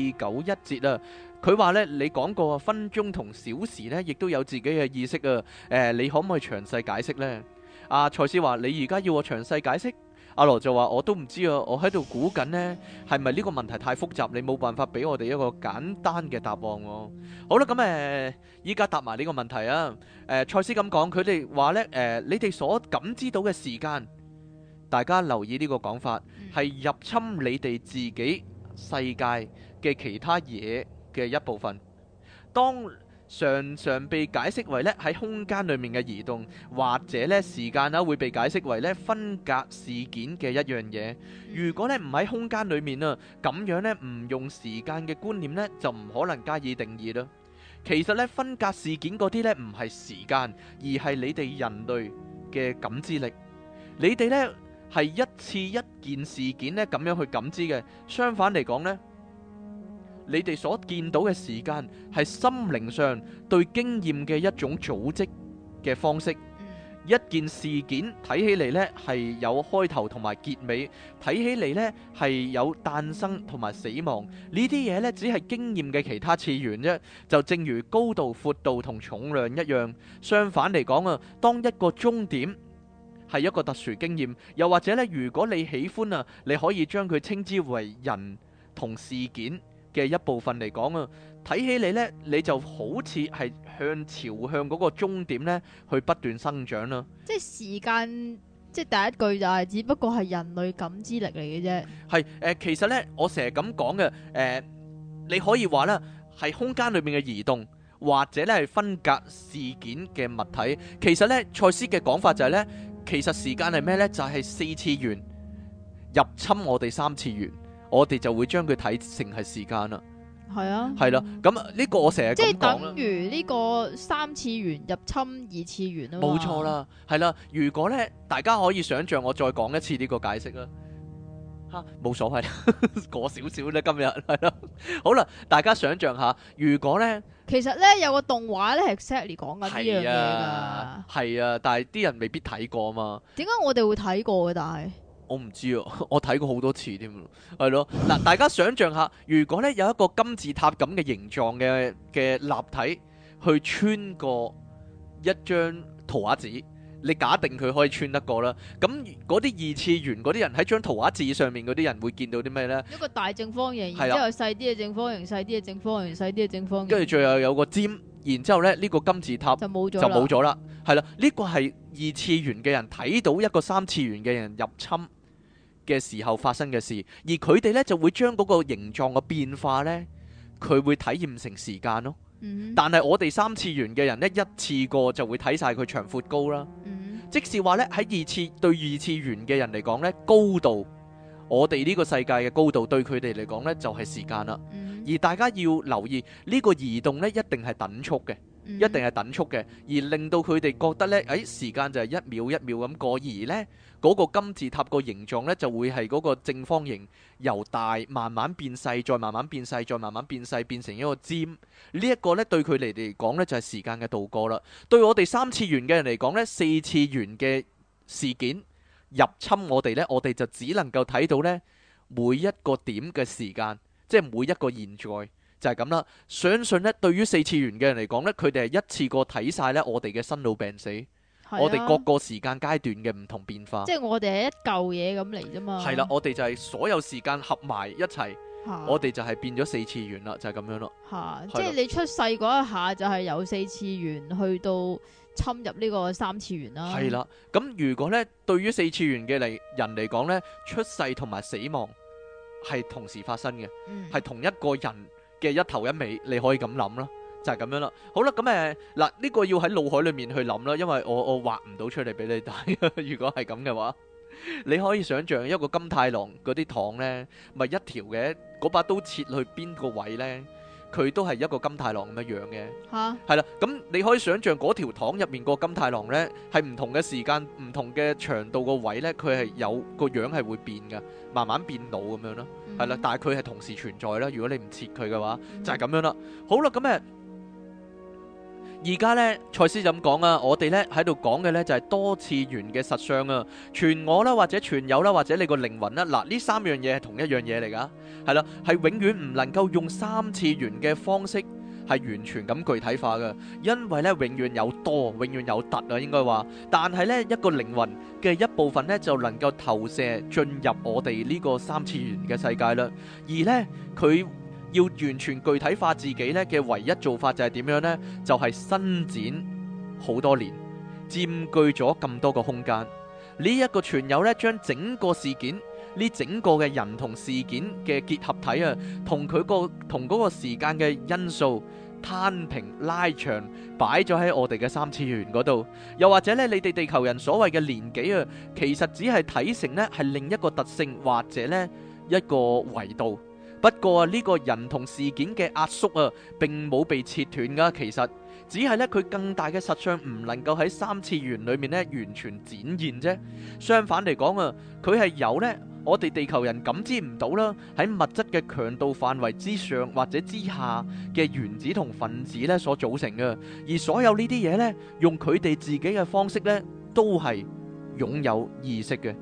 B: 一節啊，佢話咧，你講過分鐘同小時咧，亦都有自己嘅意識啊。誒，你可唔可以詳細解釋咧？啊，賽斯話你而家要我詳細解釋。阿羅就話：我都唔知啊，我喺度估緊呢係咪呢個問題太複雜，你冇辦法俾我哋一個簡單嘅答案啊？好啦，咁、嗯、誒，依家答埋呢個問題啊！誒、嗯，賽斯咁講，佢哋話呢，誒、嗯，你哋所感知到嘅時間，大家留意呢個講法，係入侵你哋自己世界嘅其他嘢嘅一部分。當常常被解釋為咧喺空間裏面嘅移動，或者咧時間啦會被解釋為咧分隔事件嘅一樣嘢。如果咧唔喺空間裏面啊，咁樣咧唔用時間嘅觀念咧就唔可能加以定義啦。其實咧分隔事件嗰啲咧唔係時間，而係你哋人類嘅感知力。你哋咧係一次一件事件咧咁樣去感知嘅。相反嚟講咧。你哋所見到嘅時間係心靈上對經驗嘅一種組織嘅方式。一件事件睇起嚟呢係有開頭同埋結尾，睇起嚟呢係有誕生同埋死亡呢啲嘢呢，只係經驗嘅其他次元啫。就正如高度、闊度同重量一樣，相反嚟講啊，當一個終點係一個特殊經驗，又或者呢，如果你喜歡啊，你可以將佢稱之為人同事件。嘅一部分嚟講啊，睇起你呢，你就好似係向朝向嗰個終點呢去不斷生長啦。
A: 即係時間，即係第一句就係、是，只不過係人類感知力嚟嘅啫。
B: 係誒、呃，其實呢，我成日咁講嘅，誒、呃，你可以話呢，係空間裏面嘅移動，或者呢係分隔事件嘅物體。其實呢，賽斯嘅講法就係、是、呢，其實時間係咩呢？就係、是、四次元入侵我哋三次元。我哋就會將佢睇成係時間啦，
A: 係啊、嗯，係
B: 啦，咁呢個我成日講，即係等於
A: 呢個三次元入侵二次元啊，冇錯啦，
B: 係啦。如果咧，大家可以想象我再講一次呢個解釋啦，
A: 吓冇
B: 哈所謂， 過少少咧，今日係咯， 好啦，大家想象下，如果咧，
A: 其實咧有個動畫咧係 Sally 講緊呢樣嘢
B: 噶，係啊，但係啲人未必睇過啊嘛，
A: 點解我哋會睇過嘅？但係。
B: 我唔知啊，我睇過好多次添，係咯。嗱，大家想象下，如果咧有一個金字塔咁嘅形狀嘅嘅立體，去穿過一張圖畫紙，你假定佢可以穿得過啦。咁嗰啲二次元嗰啲人喺張圖畫紙上面嗰啲人會見到啲咩呢？一
A: 個大正方形，然之後細啲嘅正方形，細啲嘅正方形，細啲嘅正方形，
B: 跟住最後有個尖，然之後咧呢個金字塔就冇咗，就冇咗啦。係啦，呢個係二次元嘅人睇到一個三次元嘅人入侵嘅時候發生嘅事，而佢哋呢就會將嗰個形狀嘅變化呢，佢會體驗成時間咯。但係我哋三次元嘅人呢，一次過就會睇晒佢長闊高啦。即是話呢，喺二次對二次元嘅人嚟講呢，高度我哋呢個世界嘅高度對佢哋嚟講呢，就係時間啦。而大家要留意呢個移動呢，一定係等速嘅。一定係等速嘅，而令到佢哋覺得咧，誒，時間就係一秒一秒咁過，而呢嗰個金字塔個形狀呢，就會係嗰個正方形由大慢慢變細，再慢慢變細，再慢慢變細，變成一個尖。呢一個呢，對佢哋嚟講呢，就係時間嘅度過啦。對我哋三次元嘅人嚟講呢，四次元嘅事件入侵我哋呢，我哋就只能夠睇到呢每一個點嘅時間，即係每一個現在。就係咁啦。相信咧，對於四次元嘅人嚟講咧，佢哋係一次過睇晒咧我哋嘅生老病死，啊、
A: 我哋各
B: 個時間階段嘅唔同變化。即係我
A: 哋係一舊嘢咁嚟啫嘛。係啦、啊，
B: 我哋就係所有時間合埋一齊，啊、我哋就係變咗四次元啦。就係、是、咁樣咯。
A: 吓、啊，啊、即係你出世嗰一下就係有四次元去到侵入呢個三次元啦。係啦、
B: 啊，咁如果咧，對於四次元嘅嚟人嚟講咧，出世同埋死亡係同時發生嘅，係、嗯、同一個人。嘅一頭一尾，你可以咁諗咯，就係咁樣啦。好啦，咁誒嗱，呢個要喺腦海裏面去諗啦，因為我我畫唔到出嚟俾你睇。 如果係咁嘅話，你可以想象一個金太郎嗰啲糖咧，咪一條嘅嗰把刀切去邊個位咧？佢都係一個金太郎咁嘅樣嘅哈，係啦。咁你可以想象嗰條糖入面個金太郎咧，係唔同嘅時間、唔同嘅長度個位咧，佢係有個樣係會變噶，慢慢變老咁樣咯，係啦、嗯。但係佢係同時存在啦，如果你唔切佢嘅話，嗯、就係咁樣啦。好啦，咁誒。而家呢，賽斯咁講啊，我哋呢喺度講嘅呢就係多次元嘅實相啊，全我啦，或者全有啦，或者你個靈魂啦，嗱呢三樣嘢係同一樣嘢嚟噶，係啦，係永遠唔能夠用三次元嘅方式係完全咁具體化噶，因為呢永遠有多，永遠有突啊，應該話，但係呢一個靈魂嘅一部分呢就能夠投射進入我哋呢個三次元嘅世界啦，而呢佢要完全具體化自己咧嘅唯一做法就係點樣呢？就係、是、伸展好多年，佔據咗咁多個空間。呢、這、一個船友咧，將整個事件、呢整個嘅人同事件嘅結合體啊，同佢個同嗰個時間嘅因素攤平拉長，擺咗喺我哋嘅三次元嗰度。又或者呢，你哋地球人所謂嘅年紀啊，其實只係睇成呢，係另一個特性，或者呢一個維度。不過呢個人同事件嘅壓縮啊，並冇被切斷噶。其實只係咧佢更大嘅實相唔能夠喺三次元裏面咧完全展現啫。相反嚟講啊，佢係有咧，我哋地球人感知唔到啦。喺物質嘅強度範圍之上或者之下嘅原子同分子咧所組成嘅，而所有呢啲嘢咧，用佢哋自己嘅方式咧，都係擁有意識嘅。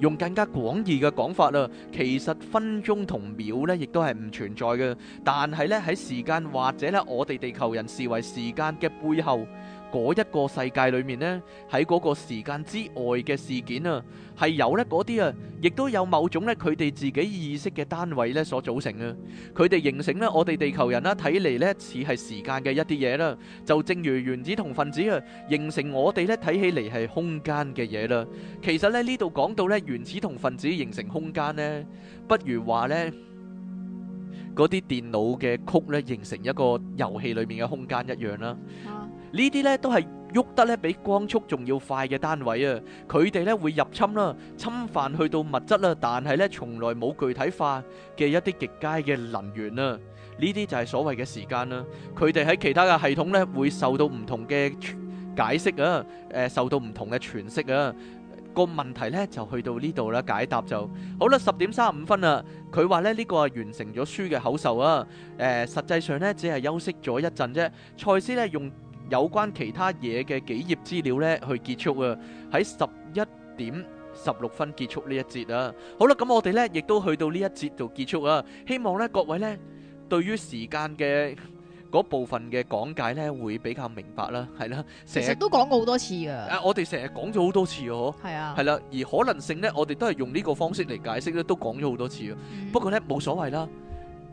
B: 用更加廣義嘅講法啦，其實分鐘同秒咧，亦都係唔存在嘅。但係咧，喺時間或者咧，我哋地球人視為時間嘅背後。嗰一個世界裏面呢，喺嗰個時間之外嘅事件啊，係有呢嗰啲啊，亦都有某種呢佢哋自己意識嘅單位呢所組成啊。佢哋形成呢我哋地球人啦睇嚟，呢似係時間嘅一啲嘢啦，就正如原子同分子啊形成我哋呢睇起嚟係空間嘅嘢啦。其實呢呢度講到呢原子同分子形成空間呢，不如話呢嗰啲電腦嘅曲呢形成一個遊戲裏面嘅空間一樣啦。呢啲咧都係喐得咧比光速仲要快嘅單位啊！佢哋咧會入侵啦，侵犯去到物質啦，但係咧從來冇具體化嘅一啲極佳嘅能源啊！呢啲就係所謂嘅時間啦。佢哋喺其他嘅系統咧會受到唔同嘅解釋啊，誒、呃、受到唔同嘅詮釋啊。個問題咧就去到呢度啦，解答就好啦。十點三十五分啦，佢話咧呢個係完成咗書嘅口授啊，誒、呃、實際上咧只係休息咗一陣啫。賽斯咧用。有關其他嘢嘅幾頁資料咧，去結束啊！喺十一點十六分結束呢一節啦。好啦，咁我哋咧亦都去到呢一節就結束啊。希望咧各位咧對於時間嘅嗰部分嘅講解咧，會比較明白啦。係啦，成日都
A: 講過好多次㗎。誒，
B: 我哋成日講咗好多次啊，嗬。係啊。係啦，而可能性咧，我哋都係用呢個方式嚟解釋咧，都講咗好多次啊。不過咧，冇所謂啦。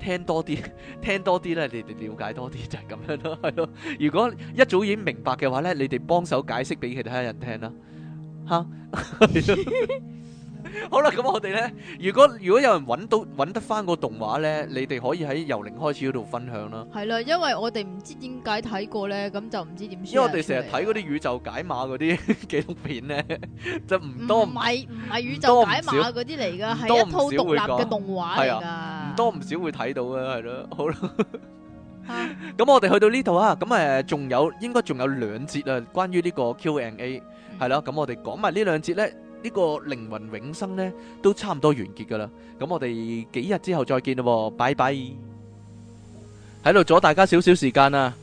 B: 聽多啲，聽多啲咧，你哋了解多啲就係咁樣咯，係咯。如果一早已經明白嘅話咧，你哋幫手解釋俾其他人聽啦，吓。好啦，咁我哋咧，如果如果有人揾到揾得翻個動畫咧，你哋可以喺由零開始嗰度分享啦。
A: 係啦，因為我哋唔知點解睇過咧，咁就唔知點。因為我哋成日
B: 睇嗰啲宇宙解碼嗰啲紀錄片咧，就唔
A: 多唔係唔係宇宙解碼嗰啲嚟噶，係一套獨立嘅動畫嚟噶。
B: 多唔少會睇到啊，係咯，好啦，咁我哋去到呢度啊，咁誒仲有應該仲有兩節啊，關於呢個 Q&A，係咯，咁我哋講埋呢兩節咧，呢個靈魂永生咧都差唔多完結噶啦，咁我哋幾日之後再見咯，拜拜，喺度阻大家少少時間啊。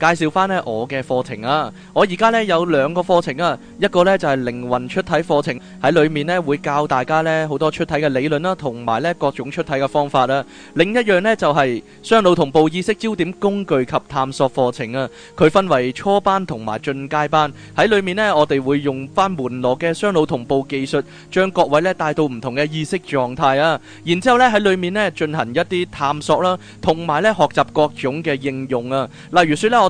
B: 介紹翻咧我嘅課程啊！我而家咧有兩個課程啊，一個咧就係靈魂出體課程，喺裏面咧會教大家咧好多出體嘅理論啦，同埋咧各種出體嘅方法啊。另一樣咧就係雙腦同步意識焦點工具及探索課程啊。佢分為初班同埋進階班，喺裏面咧我哋會用翻門羅嘅雙腦同步技術，將各位咧帶到唔同嘅意識狀態啊。然之後咧喺裏面咧進行一啲探索啦，同埋咧學習各種嘅應用啊。例如説咧我。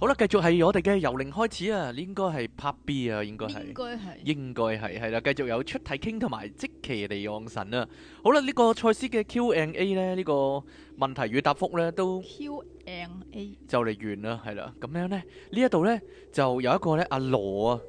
B: 好啦，繼續係我哋嘅由零開始啊，應該係拍 B 啊，應該係，應該係，係啦，繼續有出題傾同埋即期嚟望神啊。好啦，呢個賽斯嘅 Q&A 咧，呢個問題與答覆咧都 Q&A 就嚟完啦，係啦，咁樣咧呢一度咧就有一個咧阿羅啊。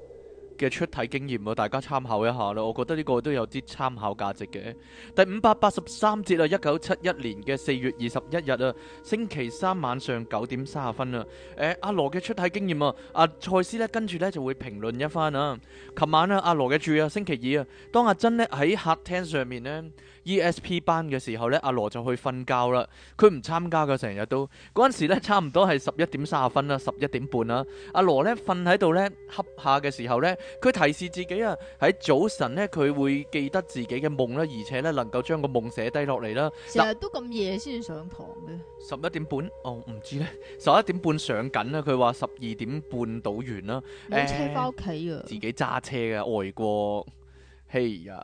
B: 嘅出體經驗啊，大家參考一下啦。我覺得呢個都有啲參考價值嘅。第五百八十三節啊，一九七一年嘅四月二十一日啊，星期三晚上九點三十分啊。誒，阿羅嘅出體經驗啊，阿賽斯咧跟住咧就會評論一番啊。琴晚啊，阿羅嘅住啊，星期二啊，當阿、啊、珍咧喺客廳上面咧。E.S.P 班嘅時候咧，阿羅就去瞓覺啦。佢唔參加噶成日都嗰陣時咧，差唔多係十一點三十分啦，十一點半啦。阿羅咧瞓喺度咧，瞌下嘅時候咧，佢提示自己啊，喺早晨咧佢會記得自己嘅夢啦，而且咧能夠將個夢寫低落嚟啦。成日
A: 都咁夜先上堂嘅。
B: 十一點半？哦，唔知咧。十一點半上緊啦，佢話十二點半倒完啦。坐車翻屋企噶自己揸車嘅，外國。嘿呀！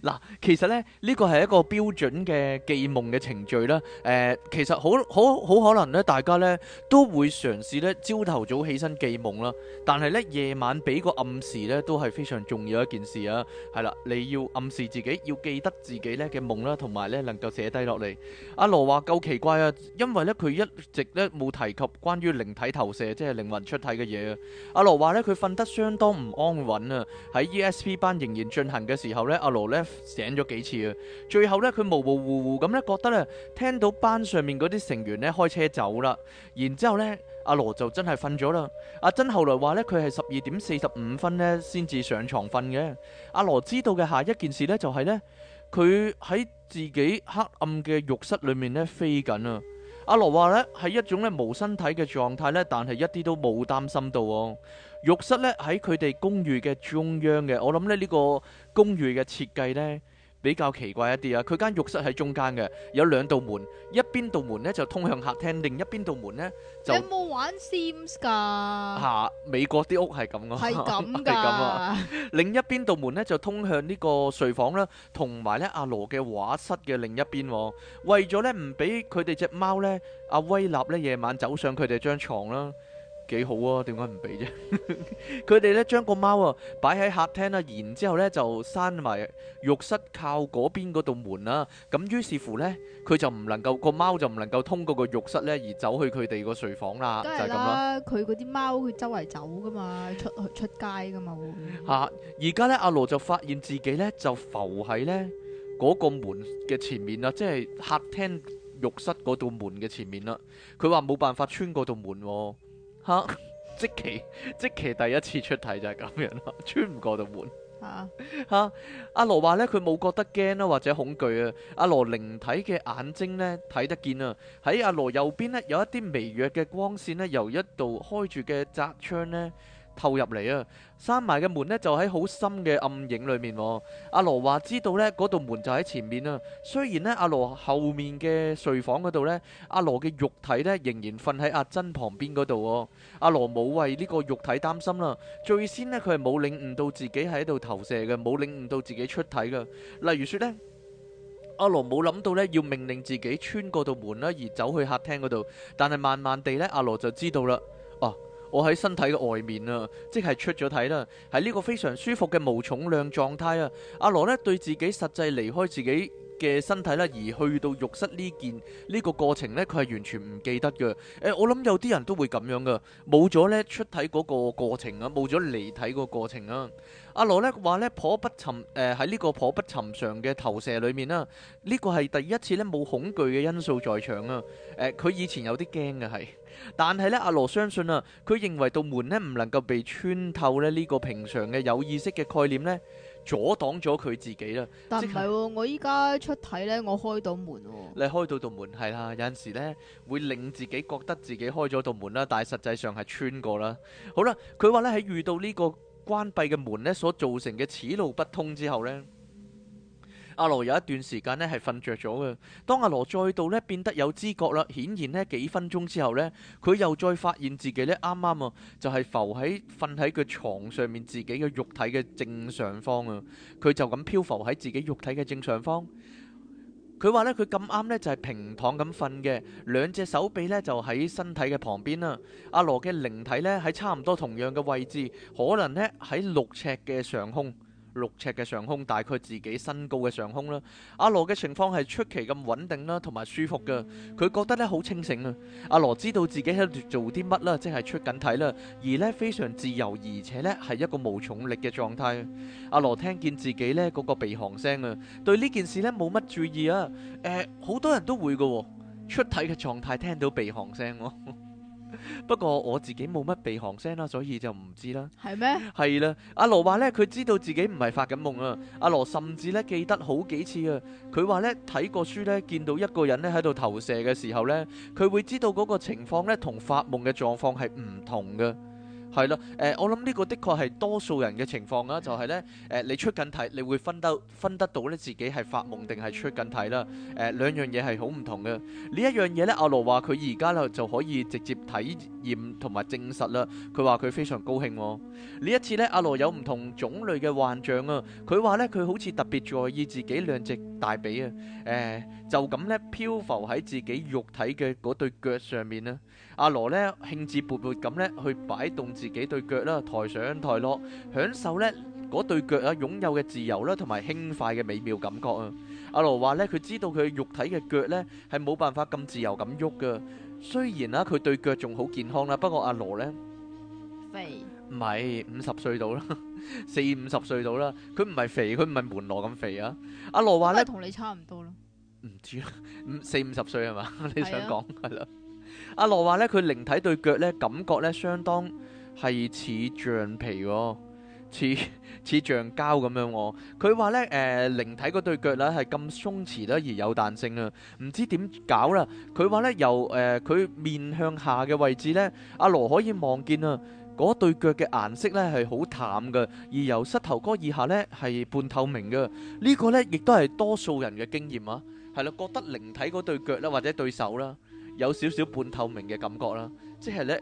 B: 嗱，其實咧呢個係一個標準嘅記夢嘅程序啦。誒，其實好好好可能咧，大家咧都會嘗試咧朝頭早起身記夢啦。但係咧夜晚俾個暗示咧都係非常重要一件事啊。係啦，你要暗示自己要記得自己咧嘅夢啦，同埋咧能夠寫低落嚟。阿羅話夠奇怪啊，因為咧佢一直咧冇提及關於靈體投射，即係靈魂出體嘅嘢啊。阿羅話咧佢瞓得相當唔安穩啊，喺 ESP 班亦仍然進行嘅時候呢，阿羅呢醒咗幾次啊，最後呢，佢模模糊糊咁呢覺得呢聽到班上面嗰啲成員呢開車走啦，然之後呢，阿羅就真係瞓咗啦。阿珍後來話呢，佢係十二點四十五分呢先至上床瞓嘅。阿羅知道嘅下一件事呢，就係呢，佢喺自己黑暗嘅浴室裡面呢飛緊啊。阿羅話呢，喺一種呢無身體嘅狀態呢，但係一啲都冇擔心到喎。浴室咧，喺佢哋公寓嘅中央嘅。我諗咧呢個公寓嘅設計咧比較奇怪一啲啊！佢間浴室喺中間嘅，有兩道門，一邊道門咧就通向客廳，另一邊道門咧就有
A: 冇玩 Sam 噶？吓，
B: 美國啲屋係咁噶係咁噶另一邊道門咧就通向呢個睡房啦，同埋咧阿羅嘅畫室嘅另一邊。為咗咧唔俾佢哋隻貓咧阿威納咧夜晚走上佢哋張床啦。幾好啊？點解唔俾啫？佢哋咧將個貓啊擺喺客廳啦、啊，然之後咧就閂埋浴室靠嗰邊嗰度門啦、啊。咁、嗯、於是乎咧，佢就唔能夠個貓就唔能夠通過個浴室咧而走去佢哋個睡房啦，就係咁啦。
A: 佢嗰啲貓佢周圍走噶嘛，出去出街噶嘛會
B: 吓。而家咧，阿羅就發現自己咧就浮喺咧嗰個門嘅前面啦，即係客廳浴室嗰度門嘅前面啦。佢話冇辦法穿嗰度門、啊。吓， 即其即其第一次出題就係咁樣咯， 穿唔過就悶 、
A: 啊。
B: 吓吓，阿羅話咧佢冇覺得驚咯，或者恐懼啊。阿羅靈體嘅眼睛咧睇得見啊羅，喺阿羅右邊咧有一啲微弱嘅光線咧由一度開住嘅窄窗咧。透入嚟啊！閂埋嘅門呢就喺好深嘅暗影裏面。阿羅話知道呢嗰道門就喺前面啊。雖然呢，阿羅後面嘅睡房嗰度呢，阿羅嘅肉體呢仍然瞓喺阿珍旁邊嗰度。阿羅冇為呢個肉體擔心啦。最先呢，佢係冇領悟到自己喺度投射嘅，冇領悟到自己出體嘅。例如說呢，阿羅冇諗到呢要命令自己穿過道門啦，而走去客廳嗰度。但係慢慢地呢，阿羅就知道啦。哦、啊。我喺身體嘅外面啦，即係出咗體啦，喺呢個非常舒服嘅無重量狀態啊！阿羅呢對自己實際離開自己嘅身體啦，而去到浴室呢件呢、呢個過程呢，佢係完全唔記得嘅。誒，我諗有啲人都會咁樣噶，冇咗呢出體嗰個過程啊，冇咗離體個過程啊。阿羅咧話咧，頗不尋，誒喺呢個頗不尋常嘅投射裏面啦，呢、這個係第一次咧冇恐懼嘅因素在場啊！誒、呃，佢以前有啲驚嘅係，但係咧阿羅相信啊，佢認為道門咧唔能夠被穿透咧，呢個平常嘅有意識嘅概念咧阻擋咗佢自己啦。
A: 但唔係、啊、是我依家出體咧，我開到門。
B: 你開到道門係啦，有陣時咧會令自己覺得自己開咗道門啦，但係實際上係穿過啦。好啦，佢話咧喺遇到呢、這個。關閉嘅門咧，所造成嘅此路不通之後呢，阿羅有一段時間咧係瞓着咗嘅。當阿羅再度咧變得有知覺啦，顯然呢幾分鐘之後呢，佢又再發現自己咧啱啱啊，就係浮喺瞓喺個床上面自己嘅肉體嘅正上方啊，佢就咁漂浮喺自己肉體嘅正上方。佢話咧，佢咁啱咧就係平躺咁瞓嘅，兩隻手臂咧就喺身體嘅旁邊啦。阿羅嘅靈體咧喺差唔多同樣嘅位置，可能咧喺六尺嘅上空。六尺嘅上空，大概自己身高嘅上空啦。阿羅嘅情況係出奇咁穩定啦，同埋舒服噶。佢覺得咧好清醒啊。阿羅知道自己喺度做啲乜啦，即係出緊體啦，而呢非常自由，而且呢係一個無重力嘅狀態。阿羅聽見自己呢嗰個鼻鼾聲啊，對呢件事呢冇乜注意啊。誒、呃，好多人都會噶，出體嘅狀態聽到鼻鼾聲。 不過我自己冇乜鼻鼾聲啦，所以就唔知啦。係咩？係啦，阿羅話咧，佢知道自己唔係發緊夢啊。阿羅甚至咧記得好幾次啊。佢話咧睇過書咧，見到一個人咧喺度投射嘅時候咧，佢會知道嗰個情況咧同發夢嘅狀況係唔同㗎。係咯，誒、呃，我諗呢個的確係多數人嘅情況啦。就係、是、呢，誒、呃，你出緊體，你會分得分得到咧，自己係發夢定係出緊體啦，誒、呃，兩樣嘢係好唔同嘅。呢一樣嘢呢，阿羅話佢而家咧就可以直接體驗同埋證實啦。佢話佢非常高興喎、哦。呢一次呢，阿羅有唔同種類嘅幻象啊。佢話呢，佢好似特別在意自己兩隻大髀啊，誒、呃，就咁呢，漂浮喺自己肉體嘅嗰對腳上面啦。阿羅咧興緻勃勃咁咧去擺動自己對腳啦，抬上抬落，享受咧嗰對腳啊擁有嘅自由啦，同埋輕快嘅美妙感覺啊！阿羅話咧，佢知道佢肉體嘅腳咧係冇辦法咁自由咁喐噶。雖然啊，佢對腳仲好健康啦，不過阿羅咧肥唔係五十歲到啦，四五十歲到啦，佢唔係肥，佢唔係門羅咁肥啊！阿羅話咧，同
A: 你差唔多咯，
B: 唔知啦，五四五十歲係嘛？你想講係啦？阿羅話咧，佢靈體對腳咧，感覺咧相當係似橡皮喎。哦，似似橡膠咁樣。哦。佢話咧，誒、呃，靈體嗰對腳咧係咁鬆弛啦，而有彈性啊，唔知點搞啦。佢話咧，由誒佢，呃、面向下嘅位置咧，阿羅可以望見啊，嗰對腳嘅顏色咧係好淡㗎，而由膝頭哥以下咧係半透明嘅。呢，這個咧亦都係多數人嘅經驗啊，係啦，覺得靈體嗰對腳啦或者對手啦。有少少半透明嘅感覺啦，即係呢，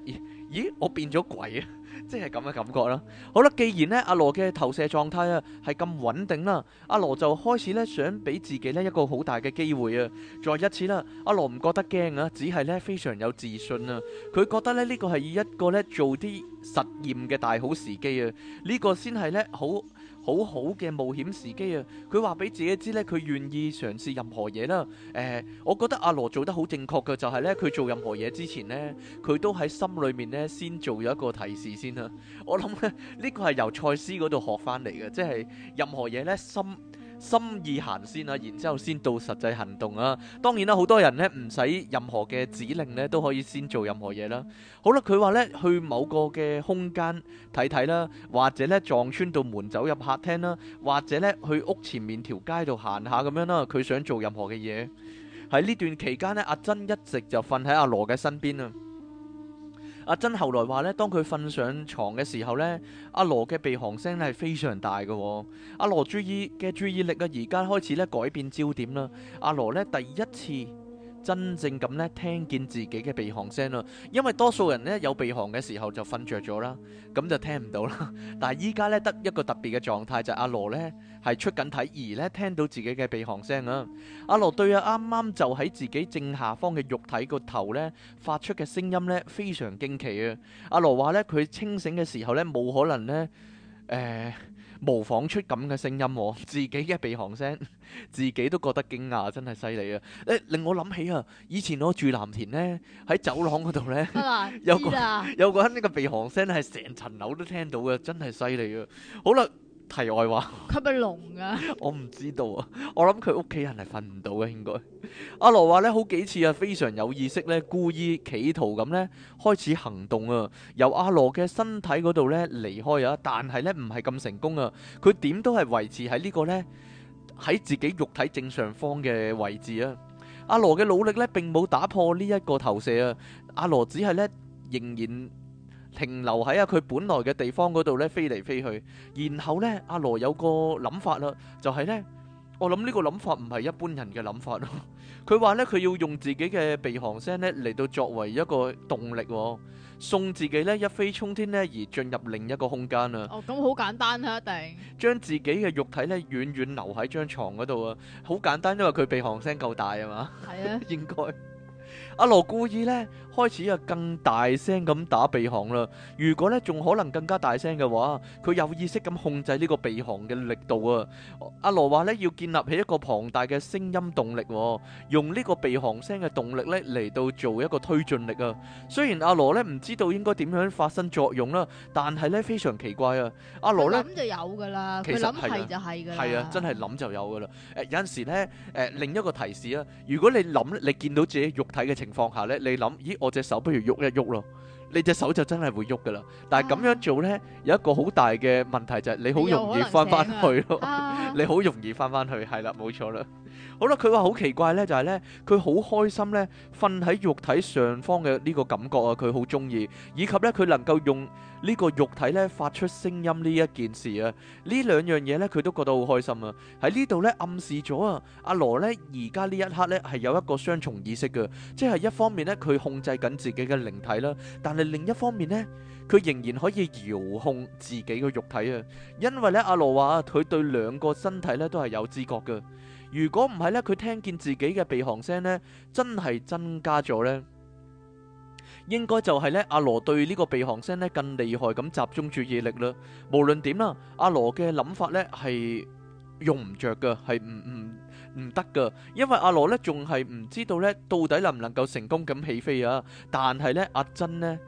B: 咦，我變咗鬼啊！即係咁嘅感覺啦。好啦，既然呢，阿羅嘅投射狀態啊係咁穩定啦，阿羅就開始呢，想俾自己呢一個好大嘅機會啊！再一次啦，阿羅唔覺得驚啊，只係呢，非常有自信啊。佢覺得呢，呢個係一個呢，做啲實驗嘅大好時機啊，呢個先係呢，好。好好嘅冒險時機啊！佢話俾自己知咧，佢願意嘗試任何嘢啦。誒、呃，我覺得阿羅做得好正確嘅就係、係、咧，佢做任何嘢之前咧，佢都喺心裏面咧先做咗一個提示先啦。我諗咧，呢個係由賽斯嗰度學翻嚟嘅，即係任何嘢咧心，心意行先啊，然之後先到實際行動啊。當然啦、啊，好多人呢，唔使任何嘅指令呢，都可以先做任何嘢啦。好啦，佢話呢，去某個嘅空間睇睇啦，或者呢撞穿道門走入客廳啦，或者呢去屋前面條街度行下咁樣啦、啊。佢想做任何嘅嘢。喺呢段期間呢，阿珍一直就瞓喺阿羅嘅身邊啊。阿珍後來話咧，當佢瞓上床嘅時候咧，阿羅嘅鼻鼾聲係非常大嘅。阿羅注意嘅注意力啊，而家開始咧改變焦點啦。阿羅咧第一次真正咁咧聽見自己嘅鼻鼾聲啦，因為多數人咧有鼻鼾嘅時候就瞓着咗啦，咁就聽唔到啦。但係依家咧得一個特別嘅狀態，就係阿羅咧。係出緊體而咧，聽到自己嘅鼻鼾聲啊！阿、啊、羅對啊，啱啱就喺自己正下方嘅肉體個頭咧，發出嘅聲音咧，非常驚奇啊羅！阿羅話咧，佢清醒嘅時候咧，冇可能咧，誒、呃、模仿出咁嘅聲音，啊，自己嘅鼻鼾聲，自己都覺得驚訝，真係犀利啊！誒、欸，令我諗起啊，以前我住藍田咧，喺走廊嗰度咧，有個有個呢個鼻鼾聲係成層樓都聽到嘅，真係犀利啊！好啦。題外話，
A: 佢咪聾噶？
B: 我唔知道啊！ 我諗佢屋企人係瞓唔到嘅應該。 阿羅話咧，好幾次啊，非常有意識咧，故意企圖咁咧開始行動啊，由阿羅嘅身體嗰度咧離開啊，但係咧唔係咁成功啊，佢點都係維持喺呢、這個咧喺自己肉體正上方嘅位置啊。阿羅嘅努力咧，並冇打破呢一個投射啊。阿羅只係咧仍然，停留喺啊佢本來嘅地方嗰度咧飛嚟飛去，然後咧阿羅有個諗法啦，就係咧我諗呢個諗法唔係一般人嘅諗法咯。佢話咧佢要用自己嘅鼻鼾聲咧嚟到作為一個動力，送自己咧一飛沖天咧而進入另一個空間啊！
A: 哦，咁好簡單啊，一定
B: 將自己嘅肉體咧遠遠留喺張床嗰度啊，好簡單，因為佢鼻鼾聲夠大啊嘛。係啊，應該阿羅故意咧。開始啊，更大聲咁打鼻鼾啦！如果咧仲可能更加大聲嘅話，佢有意識咁控制呢個鼻鼾嘅力度啊！阿羅話咧要建立起一個龐大嘅聲音動力啊，用呢個鼻鼾聲嘅動力咧嚟到做一個推進力啊！雖然阿羅咧唔知道應該點樣發生作用啦，啊，但係咧非常奇怪啊！阿羅咧諗
A: 就有噶啦，其實諗就係㗎，係啊，
B: 真係諗就有噶啦！誒，有陣時咧，誒、呃，另一個提示啊，如果你諗，你見到自己肉體嘅情況下咧，你諗，咦？我隻手不如喐一喐咯，你隻手就真係會喐㗎喇。但係咁樣做呢，啊、有一個好大嘅問題就係你好容易返返去咯， 你好容易返返去，係啦，冇錯啦。好啦，佢話好奇怪呢，就係呢，佢好開心呢瞓喺肉體上方嘅呢個感覺啊，佢好中意，以及呢，佢能夠用呢個肉體呢發出聲音呢一件事啊，呢兩樣嘢呢，佢都覺得好開心啊。喺呢度呢，暗示咗啊，阿羅呢而家呢一刻呢，係有一個雙重意識嘅，即係一方面呢，佢控制緊自己嘅靈體啦，但係另一方面呢，佢仍然可以遙控自己嘅肉體啊，因為呢，阿羅話佢對兩個身體呢，都係有知覺嘅。如果唔係呢，佢聽見自己嘅鼻鼾聲呢，真係增加咗呢，應該就係呢阿羅對呢個鼻鼾聲呢更厲害咁集中注意力啦。無論點啦，阿羅嘅諗法呢係用唔着噶，係唔唔唔得噶，因為阿羅呢仲係唔知道呢到底能唔能夠成功咁起飛啊。但係呢阿珍呢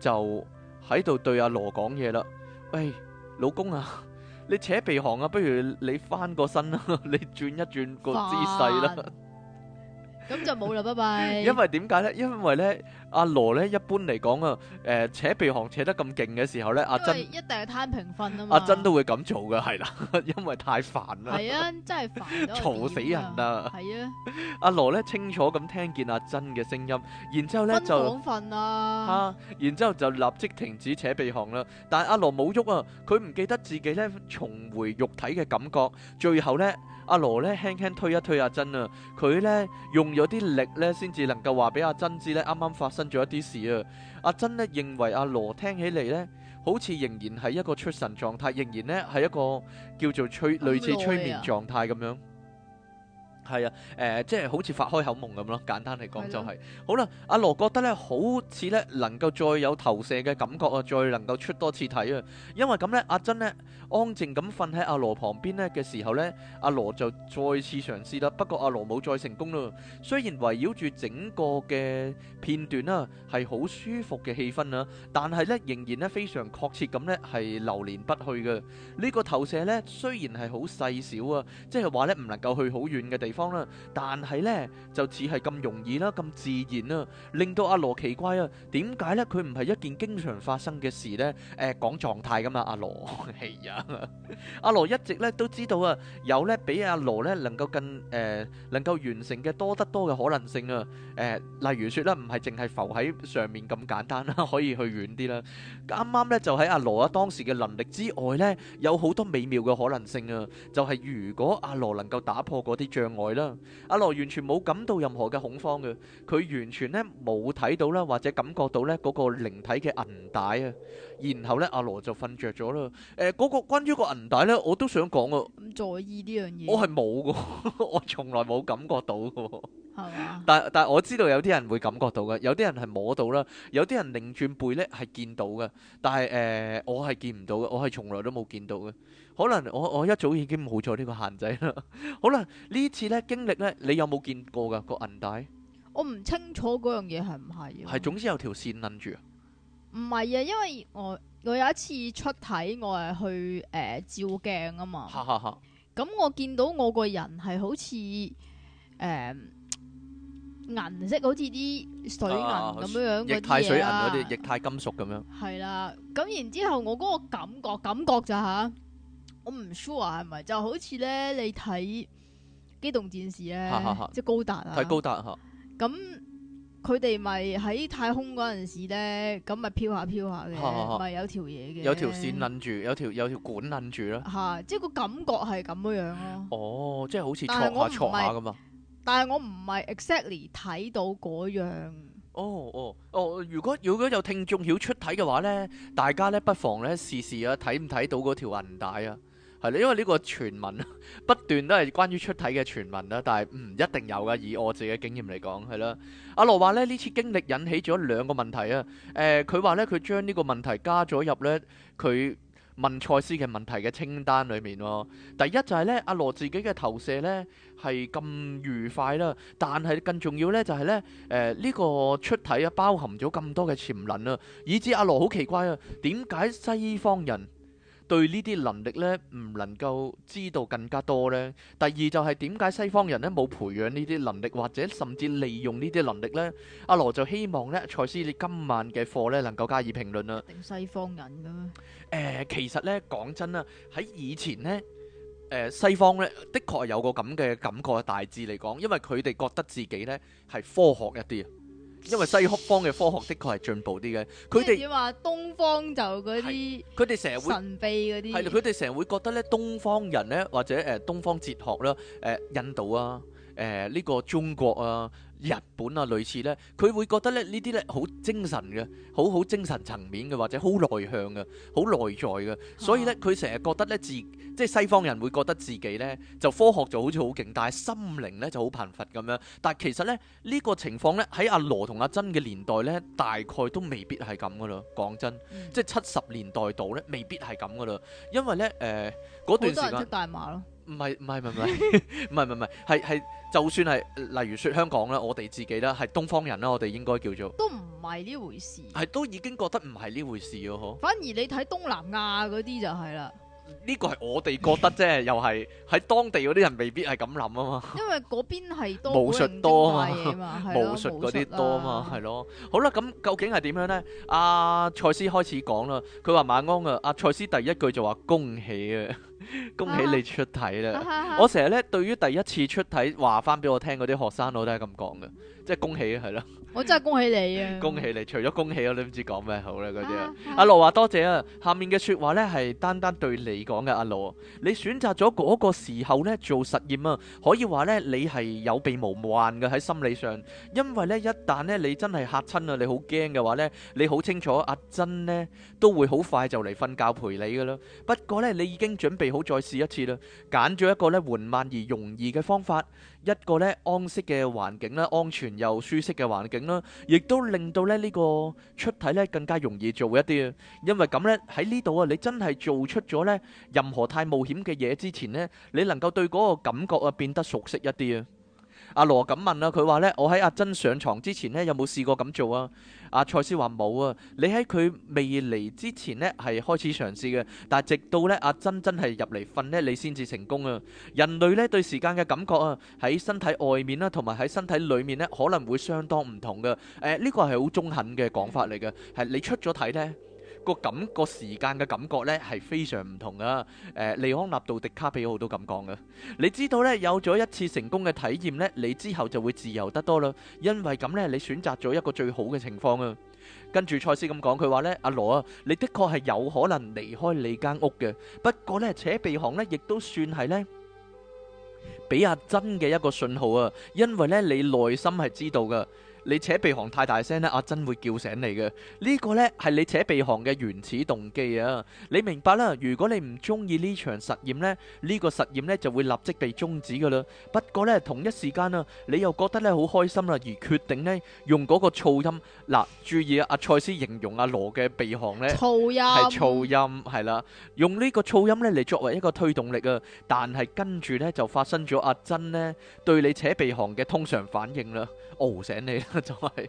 B: 就喺度對阿羅講嘢啦，喂，老公啊。你扯鼻鼾啊，不如你翻個身啦，你轉一轉個姿勢啦煩。
A: 咁就冇啦，拜拜。因為
B: 點解咧？呢呃、因為咧，阿羅咧一般嚟講啊，誒，扯鼻鼾扯得咁勁嘅時候咧，阿珍
A: 一定係攤平瞓啊嘛。阿珍
B: 都會咁做噶，係啦，因為太煩啦。係啊，真
A: 係煩，嘈死人啦。
B: 係啊的，阿羅咧清楚咁聽見阿珍嘅聲音，然之後咧就分
A: 房瞓啦。吓、啊，
B: 然之後就立即停止扯鼻鼾啦。但係阿羅冇喐啊，佢唔記得自己咧重回肉體嘅感覺，最後咧。阿羅咧輕輕推一推阿珍，啊，佢咧用咗啲力咧，先至能夠話俾阿珍知咧，啱啱發生咗一啲事啊。阿珍咧認為阿羅聽起嚟咧，好似仍然係一個出神狀態，仍然咧係一個叫做催類似催眠狀態咁樣。係 啊，誒、呃，即係好似發開口夢咁咯，簡單嚟講就係、是。 好啦，阿羅覺得咧，好似咧能夠再有投射嘅感覺啊，再能夠出多次體啊，因為咁咧，阿珍咧。安靜咁瞓喺阿羅旁邊咧嘅時候呢，阿羅就再次嘗試啦。不過阿羅冇再成功咯。雖然圍繞住整個嘅片段啦，係好舒服嘅氣氛啊，但係呢，仍然咧非常確切咁呢，係流連不去嘅。呢、這個投射呢，雖然係好細小啊，即係話呢，唔能夠去好遠嘅地方啦，但係呢，就似係咁容易啦，咁自然啊，令到阿羅奇怪啊，點解呢？佢唔係一件經常發生嘅事呢？誒、呃、講狀態噶嘛，阿羅係啊。 阿羅一直咧都知道啊，有咧比阿羅咧能夠更誒，能夠完成嘅多得多嘅可能性啊！誒，例如說啦，唔係淨係浮喺上面咁簡單啦，可以去遠啲啦。啱啱咧就喺阿羅啊當時嘅能力之外咧，有好多美妙嘅可能性啊！就係如果阿羅能夠打破嗰啲障礙啦，阿羅完全冇感到任何嘅恐慌嘅，佢完全咧冇睇到啦，或者感覺到咧嗰個靈體嘅銀帶啊。然後咧，阿羅就瞓着咗啦。誒、呃，嗰個關於個銀帶咧，我都想講啊。咁
A: 在意呢樣嘢？我係
B: 冇噶， 我從來冇感覺到噶。係嘛？但但我知道有啲人會感覺到噶，有啲人係摸到啦，有啲人擰轉背咧係見到噶。但係誒、呃，我係見唔到噶，我係從來都冇見到噶。可能我我一早已經冇咗呢個限制啦。好 啦，呢次咧經歷咧，你有冇見過噶個銀帶？銀
A: 帶我唔清楚嗰樣嘢係唔係。係，總
B: 之有條線擰住。
A: 唔係啊，因為我我有一次出體，我係去誒、呃、照鏡啊嘛。咁 我見到我個人係好似誒、呃、銀色，好似啲水銀咁、啊、樣樣嘅嘢啦。液態水銀嗰啲，液
B: 態金屬咁樣、嗯。
A: 係啦，咁然之後我嗰個感覺感覺就吓、是，我唔 sure 係咪，就好似咧你睇機動戰士咧，即係 高達啊。睇高達嚇。咁。佢哋咪喺太空嗰陣時咧，咁咪漂下漂下嘅，咪、啊啊啊、有條嘢嘅，有條線
B: 韌住，有條有條管韌住咯。嚇、
A: 啊！即係個感覺係咁樣咯、
B: 啊。哦，即係好似坐下坐下咁啊！
A: 但係我唔係 exactly 睇到嗰樣。哦哦哦！如果如果有聽
B: 眾曉出體嘅話咧，大家咧不妨咧試試啊，睇唔睇到嗰條銀帶啊？係因為呢個傳聞 不斷都係關於出體嘅傳聞啦，但係唔一定有噶。以我自己嘅經驗嚟講，係啦。阿羅話咧，呢次經歷引起咗兩個問題啊。誒、呃，佢話咧，佢將呢個問題加咗入咧佢問賽斯嘅問題嘅清單裏面、啊。第一就係咧，阿羅自己嘅投射咧係咁愉快啦、啊，但係更重要咧就係咧誒呢、呃呢個出體啊包含咗咁多嘅潛能啊，以至阿羅好奇怪啊，點解西方人？對呢啲能力呢，唔能夠知道更加多呢。第二就係點解西方人呢冇培養呢啲能力，或者甚至利用呢啲能力呢？阿、啊、羅就希望呢，賽斯你今晚嘅課呢能夠加以評論啦。定
A: 西方人噶、
B: 呃、其實呢，講真啦，喺以前呢、呃，西方呢，的確有個咁嘅感覺。大致嚟講，因為佢哋覺得自己呢係科學一啲。因為西方嘅科學的確係進步啲嘅，佢哋
A: 話東方就嗰啲，佢哋成日會神秘嗰啲，係佢哋
B: 成日會覺得咧，東方人咧或者誒東方哲學啦，誒印度啊，誒、呃、呢、呢個中國啊。日本啊，類似呢，佢會覺得咧呢啲呢，好精神嘅，好好精神層面嘅，或者好內向嘅，好內在嘅，所以呢，佢成日覺得呢，自即係西方人會覺得自己呢，就科學就好似好勁，但係心靈呢就好貧乏咁樣。但係其實呢，呢、呢個情況呢，喺阿羅同阿珍嘅年代呢，大概都未必係咁噶咯。講真，嗯、即係七十年代度呢，未必係咁噶咯，因為呢，誒、呃、嗰段時間唔係唔係唔係唔係唔係唔係，係係 就算係例如説香港啦，我哋自己啦，係東方人啦，我哋應該叫做
A: 都唔係呢回事，
B: 係都已經覺得唔係呢回事咯嗬，
A: 反而你睇東南亞嗰啲就係啦。
B: 呢個係我哋覺得即係， 又係喺當地嗰啲人未必係咁諗啊嘛。因為
A: 嗰邊係多，武術
B: 多啊嘛， 武術嗰啲多啊嘛，係、啊、咯。好啦，咁究竟係點樣咧？阿、啊、賽斯開始講啦，佢話晚安啊。阿、啊、賽斯第一句就話恭喜啊， 恭喜你出體啦。 我成日咧對於第一次出體話翻俾我聽嗰啲學生，我都係咁講嘅，即係恭喜係咯。
A: 我真係恭喜你啊！ 恭喜
B: 你，除咗恭喜，我都唔知講咩好咧嗰啲啊！啊阿羅話、啊、多謝啊，下面嘅說話呢係單單對你講嘅阿羅，你選擇咗嗰個時候呢做實驗啊，可以話呢，你係有備無患嘅喺心理上，因為呢一旦呢你真係吓親啊，你好驚嘅話呢，你好清楚阿珍呢都會好快就嚟瞓覺陪你噶啦。不過呢，你已經準備好再試一次啦，揀咗一個呢緩慢而容易嘅方法。一個咧安息嘅環境啦，安全又舒適嘅環境啦，亦都令到咧呢、呢個出體咧更加容易做一啲。因為咁咧喺呢度啊，你真係做出咗咧任何太冒險嘅嘢之前咧，你能夠對嗰個感覺啊變得熟悉一啲啊，啊。阿羅咁問啦，佢話咧我喺阿珍上床之前呢有冇試過咁做啊？阿賽斯話冇啊，你喺佢未嚟之前呢係開始嘗試嘅，但係直到呢阿、啊、珍真係入嚟瞓呢，你先至成功啊！人類呢對時間嘅感覺啊，喺身體外面啦、啊，同埋喺身體裡面呢可能會相當唔同嘅。誒、呃、呢、這個係好中肯嘅講法嚟嘅，係你出咗體呢。個感覺，時間嘅感覺咧係非常唔同啊！誒，利安納杜迪卡比奧都咁講嘅。你知道咧，有咗一次成功嘅體驗咧，你之後就會自由得多啦。因為咁咧，你選擇咗一個最好嘅情況啊。跟住賽斯咁講，佢話咧，阿羅啊，你的確係有可能離開你間屋嘅。不過咧，扯鼻行咧，亦都算係咧，俾阿珍嘅一個信號啊。因為咧，你內心係知道噶。你扯鼻鼾太大聲咧，阿珍會叫醒你嘅。呢、這個呢係你扯鼻鼾嘅原始動機啊！你明白啦？如果你唔中意呢場實驗呢，呢、這個實驗呢就會立即被終止噶啦。不過呢，同一時間啊，你又覺得呢好開心啦，而決定呢用嗰個噪音嗱、啊，注意啊，阿賽斯形容阿、啊、羅嘅鼻鼾呢，噪音係噪音係啦，用呢個噪音呢嚟作為一個推動力啊！但係跟住呢，就發生咗阿珍呢對你扯鼻鼾嘅通常反應啦。熬醒你啦，就係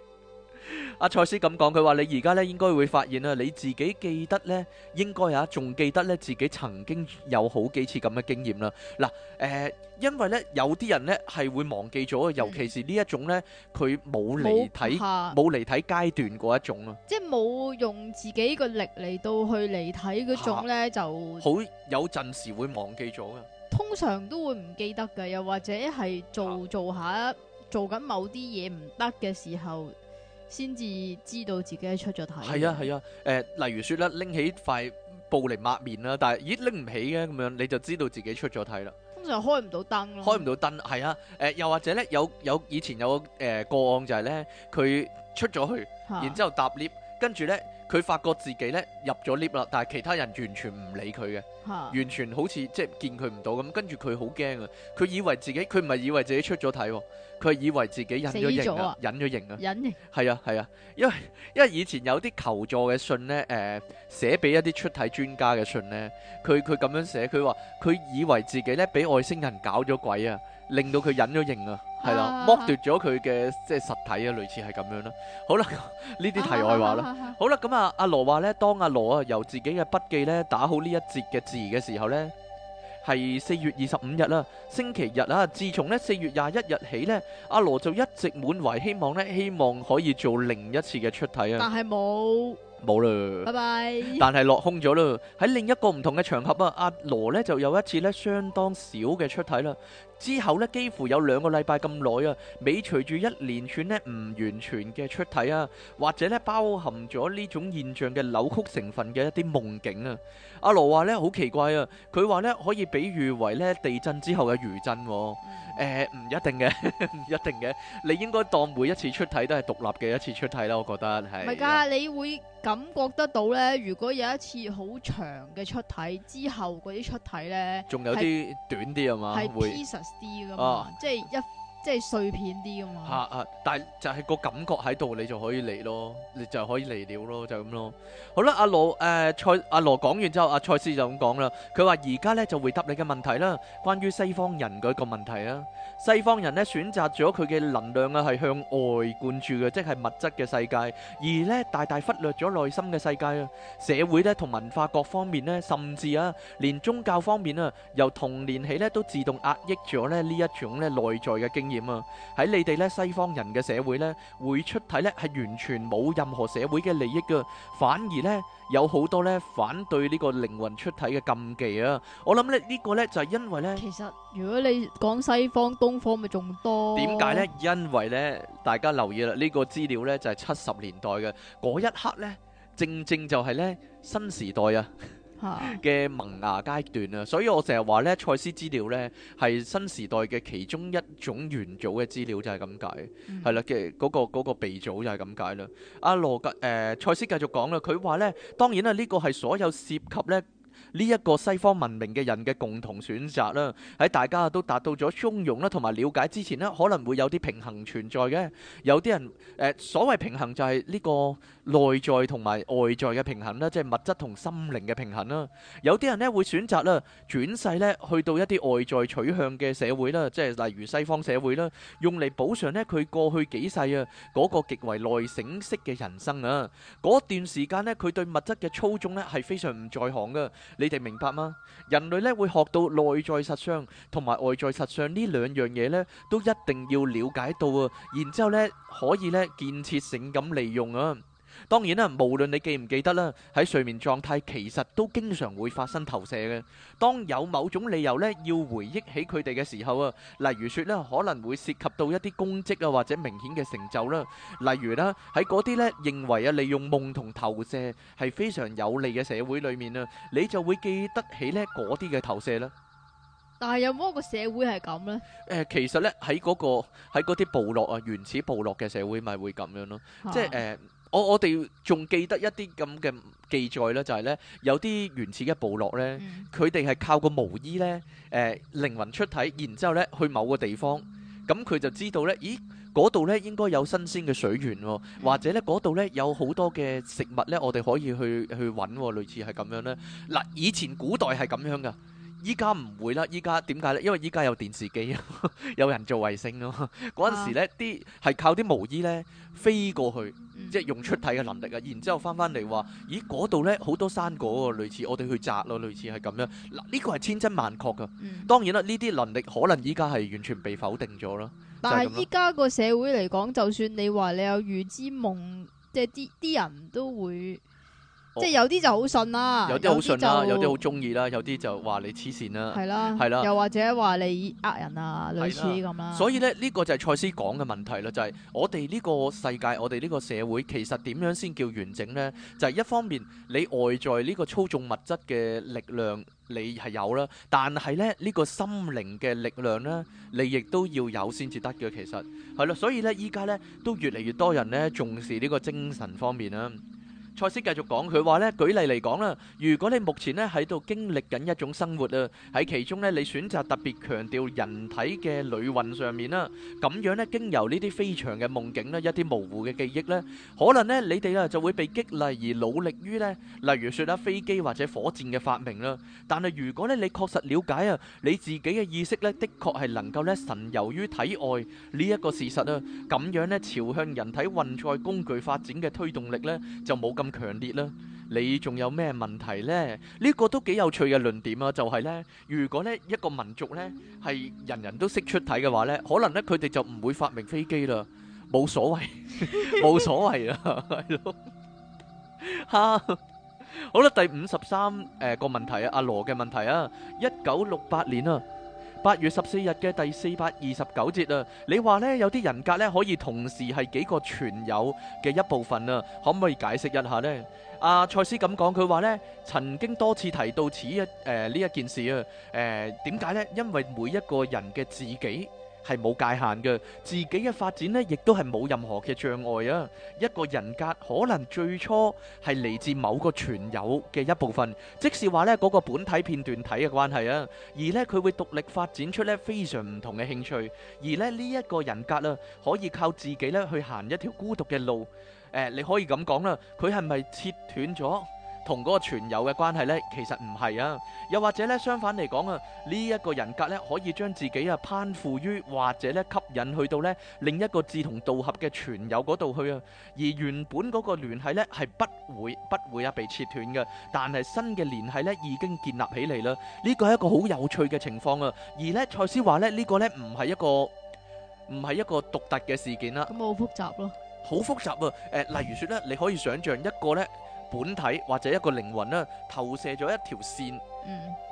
B: 阿賽斯咁講，佢話你而家咧應該會發現啦，你自己記得咧，應該啊仲記得咧，自己曾經有好幾次咁嘅經驗啦。嗱，誒，因為咧有啲人咧係會忘記咗，尤其是呢一種咧，佢冇離體，冇離體階段嗰一種咯，
A: 即係冇用自己個力嚟到去離體嗰種咧，就好
B: 有陣時會忘記咗噶。
A: 通常都會唔記得噶，又或者係做做下。做緊某啲嘢唔得嘅時候，先至知道自己係出咗體。係啊係
B: 啊，誒、啊呃，例如說咧，拎起塊布嚟抹面啦，但係咦拎唔起嘅咁樣，你就知道自己出咗體啦。
A: 通常開唔到燈咯。開唔
B: 到燈係啊，誒、呃，又或者咧有有以前有誒個、呃、個案就係咧，佢出咗去，然之後搭 lift，跟住咧。啊佢發覺自己咧入咗 lift 啦，但係其他人完全唔理佢嘅，完全好似即係見佢唔到咁。跟住佢好驚啊！佢以為自己，佢唔係以為自己出咗體、哦，佢係以為自己隱咗形啊，隱咗了形啊。隱形係啊係啊，因為因為以前有啲求助嘅信咧，誒、呃、寫俾一啲出體專家嘅信咧，佢佢咁樣寫，佢話佢以為自己咧俾外星人搞咗鬼啊。令到佢隱咗形啊，係啦，剝奪咗佢嘅即係實體啊，類似係咁樣啦。好啦，呢啲題外話啦。好啦，咁啊，阿羅話呢，當阿羅啊由自己嘅筆記呢打好呢一節嘅字嘅時候呢，係四月二十五日啦，星期日啦。自從呢四月廿一日起呢，阿羅就一直滿懷希望呢，希望可以做另一次嘅出體啊。但
A: 係冇
B: 冇啦。拜
A: 拜。但
B: 係落空咗啦。喺另一個唔同嘅場合啊，阿羅呢就有一次呢相當少嘅出體啦。之後咧，幾乎有兩個禮拜咁耐啊，尾隨住一連串咧唔完全嘅出體啊，或者咧包含咗呢種現象嘅扭曲成分嘅一啲夢境啊。阿羅話咧，好奇怪啊，佢話咧，可以比喻為咧地震之後嘅餘震，哦。誒、嗯、唔、呃、一定嘅， 唔一定嘅，你應該當每一次出體都係獨立嘅一次出體啦。我覺得係。唔係噶
A: 你會感覺得到咧，如果有一次好長嘅出體之後，嗰啲出體咧仲有啲
B: 短啲啊嘛，係真
A: 啲噶嘛，即係一。即係碎片啲啊嘛，吓
B: 吓，但係就係個感覺喺度，你就可以嚟咯，你就可以嚟了咯，就咁咯。好啦，阿羅誒，賽，阿羅講完之後，阿賽斯就咁講啦。佢話而家咧就回答你嘅問題啦，關於西方人嘅一個問題啊。西方人咧選擇咗佢嘅能量啊，係向外灌注嘅，即係物質嘅世界，而咧大大忽略咗內心嘅世界啊。社會咧同文化各方面咧，甚至啊，連宗教方面啊，由童年起咧都自動壓抑咗咧呢一種咧內在嘅經驗。點啊喺你哋咧，西方人嘅社會咧會出體咧係完全冇任何社會嘅利益噶，反而咧有好多咧反對呢個靈魂出體嘅禁忌啊。我諗咧呢個咧就係因為咧，其實
A: 如果你講西方、東方咪仲多點解咧？
B: 因為咧大家留意啦，呢個資料咧就係七十年代嘅嗰一刻咧，正正就係咧新時代啊。嘅萌芽階段啊，所以我成日話呢，賽斯資料呢係新時代嘅其中一種元祖嘅資料就係咁解，係啦嘅嗰個嗰、那個鼻祖就係咁解啦。阿、啊、羅格誒，賽、呃、斯繼續講啦，佢話呢，當然啦，呢個係所有涉及呢，呢一個西方文明嘅人嘅共同選擇啦。喺大家都達到咗相融啦，同埋了解之前呢，可能會有啲平衡存在嘅。有啲人誒、呃，所謂平衡就係呢、這個，內在同埋外在嘅平衡啦，即係物質同心靈嘅平衡啦。有啲人呢會選擇咧轉世呢，去到一啲外在取向嘅社會啦，即係例如西方社會啦，用嚟補償呢佢過去幾世啊嗰個極為內省式嘅人生啊嗰段時間呢，佢對物質嘅操縱呢係非常唔在行噶。你哋明白嗎？人類呢會學到內在實相同埋外在實相呢兩樣嘢呢都一定要了解到啊，然之後呢，可以呢建設性咁利用啊。當然啦，無論你記唔記得啦，喺睡眠狀態其實都經常會發生投射嘅。當有某種理由呢要回憶起佢哋嘅時候啊，例如說呢可能會涉及到一啲功績啊或者明顯嘅成就啦。例如啦，喺嗰啲呢認為啊利用夢同投射係非常有利嘅社會裏面啊，你就會記得起呢嗰啲嘅投射啦。
A: 但係有冇一個社會係咁呢？
B: 誒，其實呢喺嗰個喺嗰啲部落啊原始部落嘅社會咪會咁樣咯，即係誒。.我我哋仲記得一啲咁嘅記載呢就係、是、呢：有啲原始嘅部落呢，佢哋係靠個巫醫呢誒靈魂出體，然之後呢去某個地方，咁、嗯、佢就知道呢，咦嗰度呢應該有新鮮嘅水源、哦，或者呢嗰度呢有好多嘅食物呢，我哋可以去去揾、哦，類似係咁樣呢，嗱，以前古代係咁樣㗎。依家唔會啦，依家點解呢？因為依家有電視機， 有人做衛星咯。嗰 陣時咧，啲係、啊、靠啲毛衣呢飛過去，嗯、即係用出體嘅能力啊。然之後翻翻嚟話：咦，嗰度呢好多山果喎，類似我哋去摘咯，類似係咁樣。嗱，呢個係千真萬確噶。嗯、當然啦，呢啲能力可能依家係完全被否定咗啦。但係依
A: 家個社會嚟講，就算你話你有預知夢，即係啲啲人都會。即係有啲就好信啦，有啲好信啦，有啲好
B: 中意啦，有啲就話你黐線啦，係啦，係啦，又或
A: 者話你呃人啊，類似咁
B: 啦。所以咧，呢個就係賽斯講嘅問題啦，就係我哋呢個世界，我哋呢個社會其實點樣先叫完整呢？就係一方面你外在呢個操縱物質嘅力量你係有啦，但係咧呢個心靈嘅力量呢，你亦都要有先至得嘅。其實係啦，所以呢，依家呢，都越嚟越多人呢，重視呢個精神方面啦。賽斯繼續講，佢話咧，舉例嚟講啦，如果你目前咧喺度經歷緊一種生活啊，喺其中咧你選擇特別強調人體嘅旅運上面啦，咁樣咧經由呢啲非常嘅夢境咧，一啲模糊嘅記憶咧，可能咧你哋咧就會被激勵而努力於咧，例如説啊飛機或者火箭嘅發明啦。但係如果咧你確實瞭解啊你自己嘅意識咧，的確係能夠咧神遊於體外呢一個事實啊，咁樣咧朝向人體運載工具發展嘅推動力咧就冇咁強烈啦！你仲有咩問題咧？呢個都幾有趣嘅論點啊！就係咧，如果咧一個民族咧係人人都識出體嘅話咧，可能咧佢哋就唔會發明飛機啦。冇所謂，冇所謂啊，係咯。好啦，第五十三誒個問題啊，阿羅嘅問題啊，一九六八年啊。八月十四日嘅第四百二十九節啊，你話呢有啲人格呢可以同時係幾個存有嘅一部分啊，可唔可以解釋一下呢？阿、啊、賽斯咁講，佢話呢曾經多次提到此一誒呢、呃、一件事啊，誒點解呢？因為每一個人嘅自己，係冇界限嘅，自己嘅發展呢亦都係冇任何嘅障礙啊！一個人格可能最初係嚟自某個存有嘅一部分，即是話呢嗰、那個本體片段體嘅關係啊，而呢，佢會獨立發展出呢非常唔同嘅興趣，而呢，呢、這、一個人格啊，可以靠自己呢去行一條孤獨嘅路，誒、呃，你可以咁講啦，佢係咪切斷咗？同嗰個船友嘅關係呢，其實唔係啊。又或者呢，相反嚟講啊，呢、這、一個人格呢，可以將自己啊攀附於或者呢吸引去到呢另一個志同道合嘅船友嗰度去啊。而原本嗰個聯繫咧係不會不會啊被切斷嘅，但係新嘅聯繫呢，已經建立起嚟啦。呢、這個係一個好有趣嘅情況啊。而呢，賽斯話呢，呢、這個呢唔係一個唔係一個獨特嘅事件啦、啊。咁好複雜咯，好複雜啊！誒、啊呃，例如說呢，你可以想象一個呢。本體或者一個靈魂咧，投射咗一條線，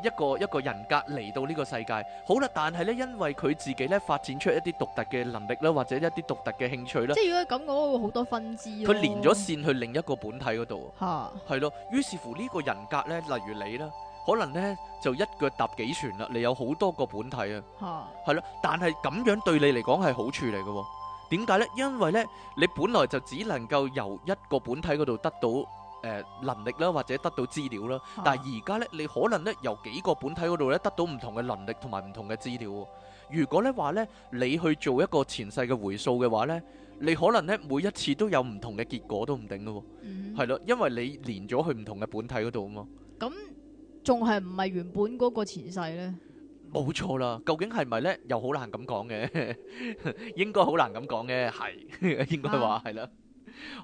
B: 一個一個人格嚟到呢個世界，好啦。但係咧，因為佢自己咧發展出一啲獨特嘅能力咧，或者一啲獨特嘅興趣咧，即係如果
A: 咁講，我會好多分支。佢連咗線
B: 去另一個本體嗰度，係咯。於是乎呢個人格咧，例如你啦，可能咧就一腳踏幾船啦，你有好多個本體啊，係咯。但係咁樣對你嚟講係好處嚟嘅，點解咧？因為咧，你本來就只能夠由一個本體嗰度得到。誒，能力啦，或者得到資料啦。但係而家呢，你可能呢，由幾個本體嗰度呢，得到唔同嘅能力同埋唔同嘅資料。如果呢話呢，你去做一個前世嘅回溯嘅話呢，你可能呢，每一次都有唔同嘅結果都唔定㗎，係咯、嗯，因為你連咗去唔同嘅本體嗰度啊嘛。
A: 咁仲係唔係原本嗰個前世呢？
B: 冇錯啦，究竟係咪呢？又好難咁講嘅，應該好難咁講嘅，係，應該話係啦。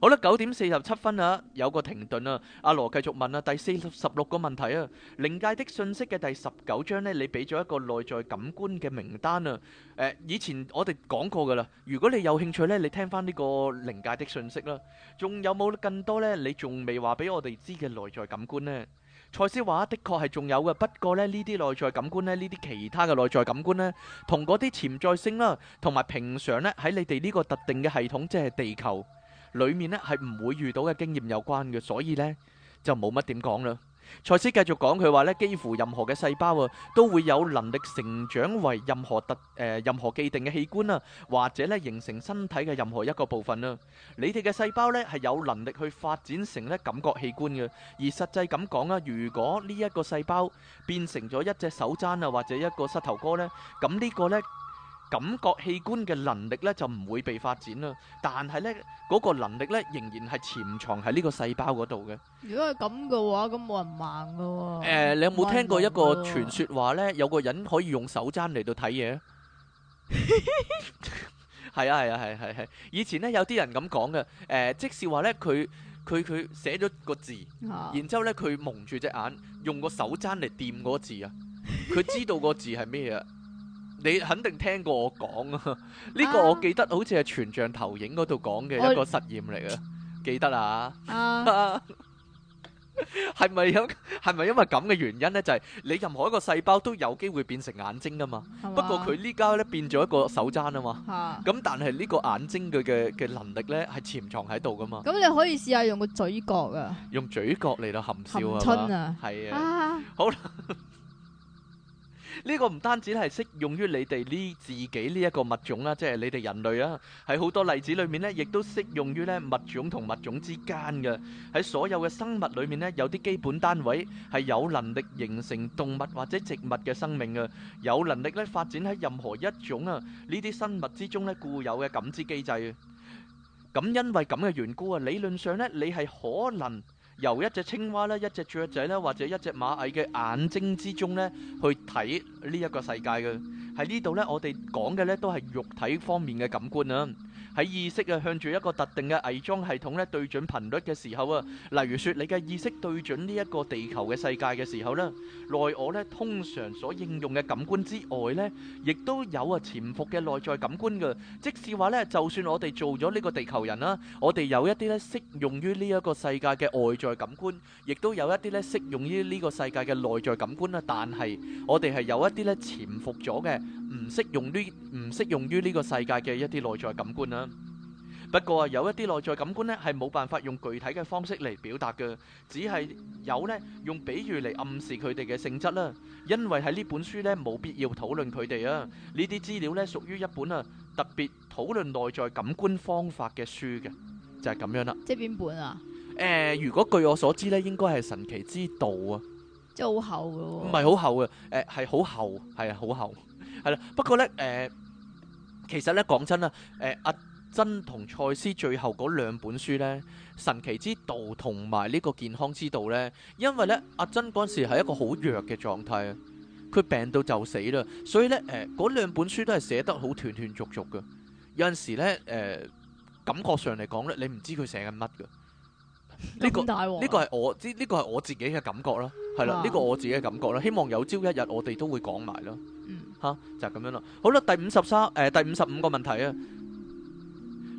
B: 好啦，九點四十七分啊，有個停頓啊。阿羅繼續問啊，第四十六個問題啊，《靈界的信息》嘅第十九章呢，你俾咗一個內在感官嘅名單啊。誒、呃，以前我哋講過噶啦。如果你有興趣呢，你聽翻呢個《靈界的信息》啦。仲有冇更多呢？你仲未話俾我哋知嘅內在感官呢？賽斯話的確係仲有嘅，不過呢，呢啲內在感官呢，呢啲其他嘅內在感官呢，同嗰啲潛在性啦、啊，同埋平常呢，喺你哋呢個特定嘅系統，即係地球。裏面咧係唔會遇到嘅經驗有關嘅，所以咧就冇乜點講啦。賽斯繼續講佢話咧，幾乎任何嘅細胞啊，都會有能力成長為任何特誒任何既定嘅器官啊，或者咧形成身體嘅任何一個部分啦。你哋嘅細胞咧係有能力去發展成咧感覺器官嘅。而實際咁講啊，如果呢一個細胞變成咗一隻手踭啊，或者一個膝頭哥咧，咁呢個咧？感覺器官嘅能力咧就唔會被發展啦，但係咧嗰個能力咧仍然係潛藏喺呢個細胞嗰度嘅。
A: 如果係咁嘅話，咁冇人盲噶、啊。誒、
B: 呃，啊、你有冇聽過一個傳說話咧，有個人可以用手踭嚟到睇嘢？係 啊係啊係係係。以前咧有啲人咁講嘅，誒、呃，即是話咧，佢佢佢寫咗個字，然之後咧佢蒙住隻眼，用個手踭嚟掂嗰字啊，佢知道個字係咩嘢。 你肯定聽過我講啊，呢、這個我記得好似係全像投影嗰度講嘅一個實驗嚟啊，我記得啊？啊，係咪有？係咪因為咁嘅原因呢？就係、是、你任何一個細胞都有機會變成眼睛噶嘛？嗎不過佢呢家咧變咗一個手踭啊嘛。吓嗎，咁但係呢個眼睛佢嘅嘅能力呢係潛藏喺度噶嘛？咁
A: 你可以試下用個嘴角啊，
B: 用嘴角嚟到含笑啊春啊，係的啊，好。 呢個唔單止係適用於你哋呢自己呢一個物種啊，即係你哋人類啊，喺好多例子裏面呢，亦都適用於呢物種同物種之間嘅。喺所有嘅生物裏面呢，有啲基本單位係有能力形成動物或者植物嘅生命嘅，有能力咧發展喺任何一種啊呢啲生物之中呢固有嘅感知機制。咁因為咁嘅緣故啊，理論上呢你係可能。由一隻青蛙咧、一隻雀仔咧，或者一隻螞蟻嘅眼睛之中咧，去睇呢個世界嘅，喺呢度咧，我哋講嘅咧都係肉體方面嘅感官啊。喺意識啊，向住一個特定嘅偽裝系統咧，對準頻率嘅時候啊，例如說你嘅意識對準呢一個地球嘅世界嘅時候咧，內我咧通常所應用嘅感官之外咧，亦都有啊潛伏嘅內在感官噶。即使話咧，就算我哋做咗呢個地球人啦，我哋有一啲咧適用於呢一個世界嘅外在感官，亦都有一啲咧適用於呢個世界嘅內在感官啦。但係我哋係有一啲咧潛伏咗嘅，唔適用於唔適用於呢個世界嘅一啲內在感官啦。不過啊，有一啲內在感官咧，係冇辦法用具體嘅方式嚟表達嘅，只係有咧用比喻嚟暗示佢哋嘅性質啦。因為喺呢本書咧冇必要討論佢哋啊，呢啲資料咧屬於一本啊特別討論內在感官方法嘅書嘅，就係咁樣啦。
A: 即係邊本啊？
B: 誒，如果據我所知咧，應該係《神奇之道》啊。即
A: 係好厚㗎喎。唔係好
B: 厚啊，誒係好厚，係啊好厚，係啦。不過咧，誒，其實咧講真啊，誒阿。真同賽斯最後嗰兩本書咧，神奇之道同埋呢個健康之道咧，因為咧阿真嗰陣時係一個好弱嘅狀態，佢病到就死啦，所以咧誒嗰兩本書都係寫得好斷斷續續噶，有陣時咧誒感覺上嚟講咧，你唔知佢寫緊乜噶咁大鑊？呢個係我，呢呢個係我自己嘅感覺啦，係啦，呢個我自己嘅感覺啦，希望有朝一日我哋都會講埋啦。嗯，吓就係咁樣咯。好啦，第五十三誒第五十五個問題啊。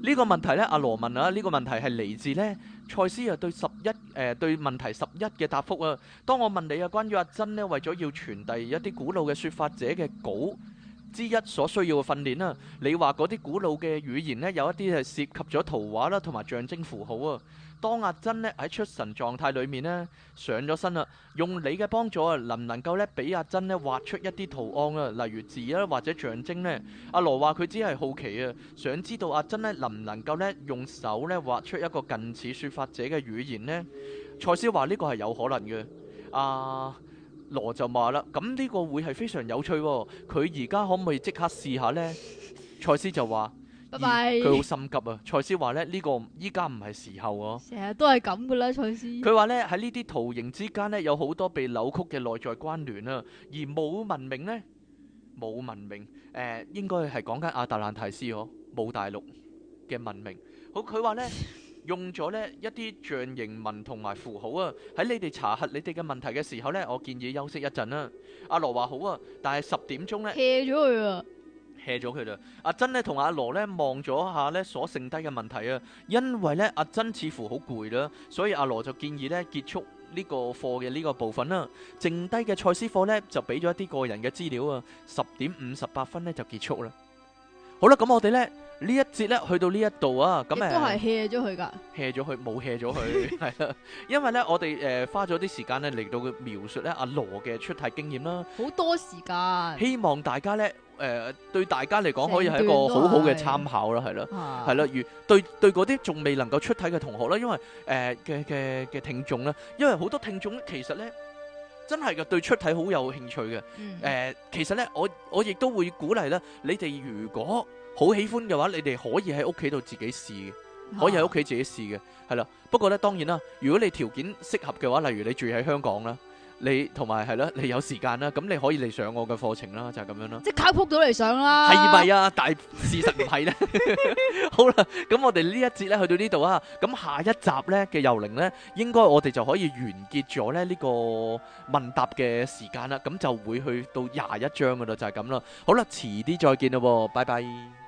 B: 呢個問題呢，阿羅問啊，呢、這個問題係嚟自呢賽斯啊，對十一誒、呃、對問題十一嘅答覆啊。當我問你啊，關於阿珍呢，為咗要傳遞一啲古老嘅說法者嘅稿。之一所需要嘅訓練啦，你話嗰啲古老嘅語言咧，有一啲係涉及咗圖畫啦，同埋象徵符號啊。當阿珍咧喺出神狀態裏面咧，上咗身啊，用你嘅幫助能唔能夠咧，俾阿珍咧畫出一啲圖案啊，例如字啊或者象徵呢？阿羅話佢只係好奇啊，想知道阿珍咧能唔能夠咧用手咧畫出一個近似說法者嘅語言呢？賽斯話呢個係有可能嘅啊。羅就話啦，咁呢個會係非常有趣喎。佢而家可唔可以即刻試下呢？賽斯 就話，
A: 佢好 bye
B: 心急啊。賽斯話咧，呢個依家唔係時候啊。
A: 成日都係咁噶啦，賽斯。佢話咧，
B: 喺呢啲圖形之間呢，有好多被扭曲嘅內在關聯啊。而冇文明呢？冇文明，誒、呃，應該係講緊亞特蘭提斯嗬，冇大陸嘅文明。好，佢話呢。 用咗呢一啲象形文同埋符號啊！喺你哋查核你哋嘅問題嘅時候呢，我建議休息一陣啦、啊。阿羅話好啊，但係十點鐘呢，棄咗佢啊，棄咗佢啦。阿珍呢同阿羅呢望咗一下呢所剩低嘅問題啊，因為呢阿珍似乎好攰啦，所以阿羅就建議呢結束呢個課嘅呢個部分啦、啊。剩低嘅賽斯課呢，就俾咗一啲個人嘅資料啊，十點五十八分呢，就結束啦。好啦，咁我哋咧，呢一節咧去到呢一度啊，咁都
A: 係 hea 咗佢噶
B: hea 咗佢冇 hea 咗佢，係啦， 因為咧，我哋誒、呃、花咗啲時間咧嚟到嘅描述咧阿羅嘅出體經驗啦，
A: 好多時間，希
B: 望大家咧誒、呃、對大家嚟講可以係一個好好嘅參考啦，係啦，係啦，如對對嗰啲仲未能夠出體嘅同學啦，因為誒嘅嘅嘅聽眾啦，因為好多聽眾其實咧。真係嘅，對出體好有興趣嘅。誒、嗯呃，其實咧，我我亦都會鼓勵咧，你哋如果好喜歡嘅話，你哋可以喺屋企度自己試，可以喺屋企自己試嘅，係啦、哦。不過咧，當然啦，如果你條件適合嘅話，例如你住喺香港啦。你同埋係咯，你有時間啦，咁你可以嚟上我嘅課程啦，就係咁樣啦。即係
A: 靠撲到嚟上啦。係 咪
B: 樂啊？但事實唔係咧。好啦，咁我哋呢一節咧去到呢度啊，咁下一集咧嘅遊靈咧，應該我哋就可以完結咗咧呢個問答嘅時間啦。咁就會去到廿一章噶啦，就係咁啦。好啦，遲啲再見咯，bye bye。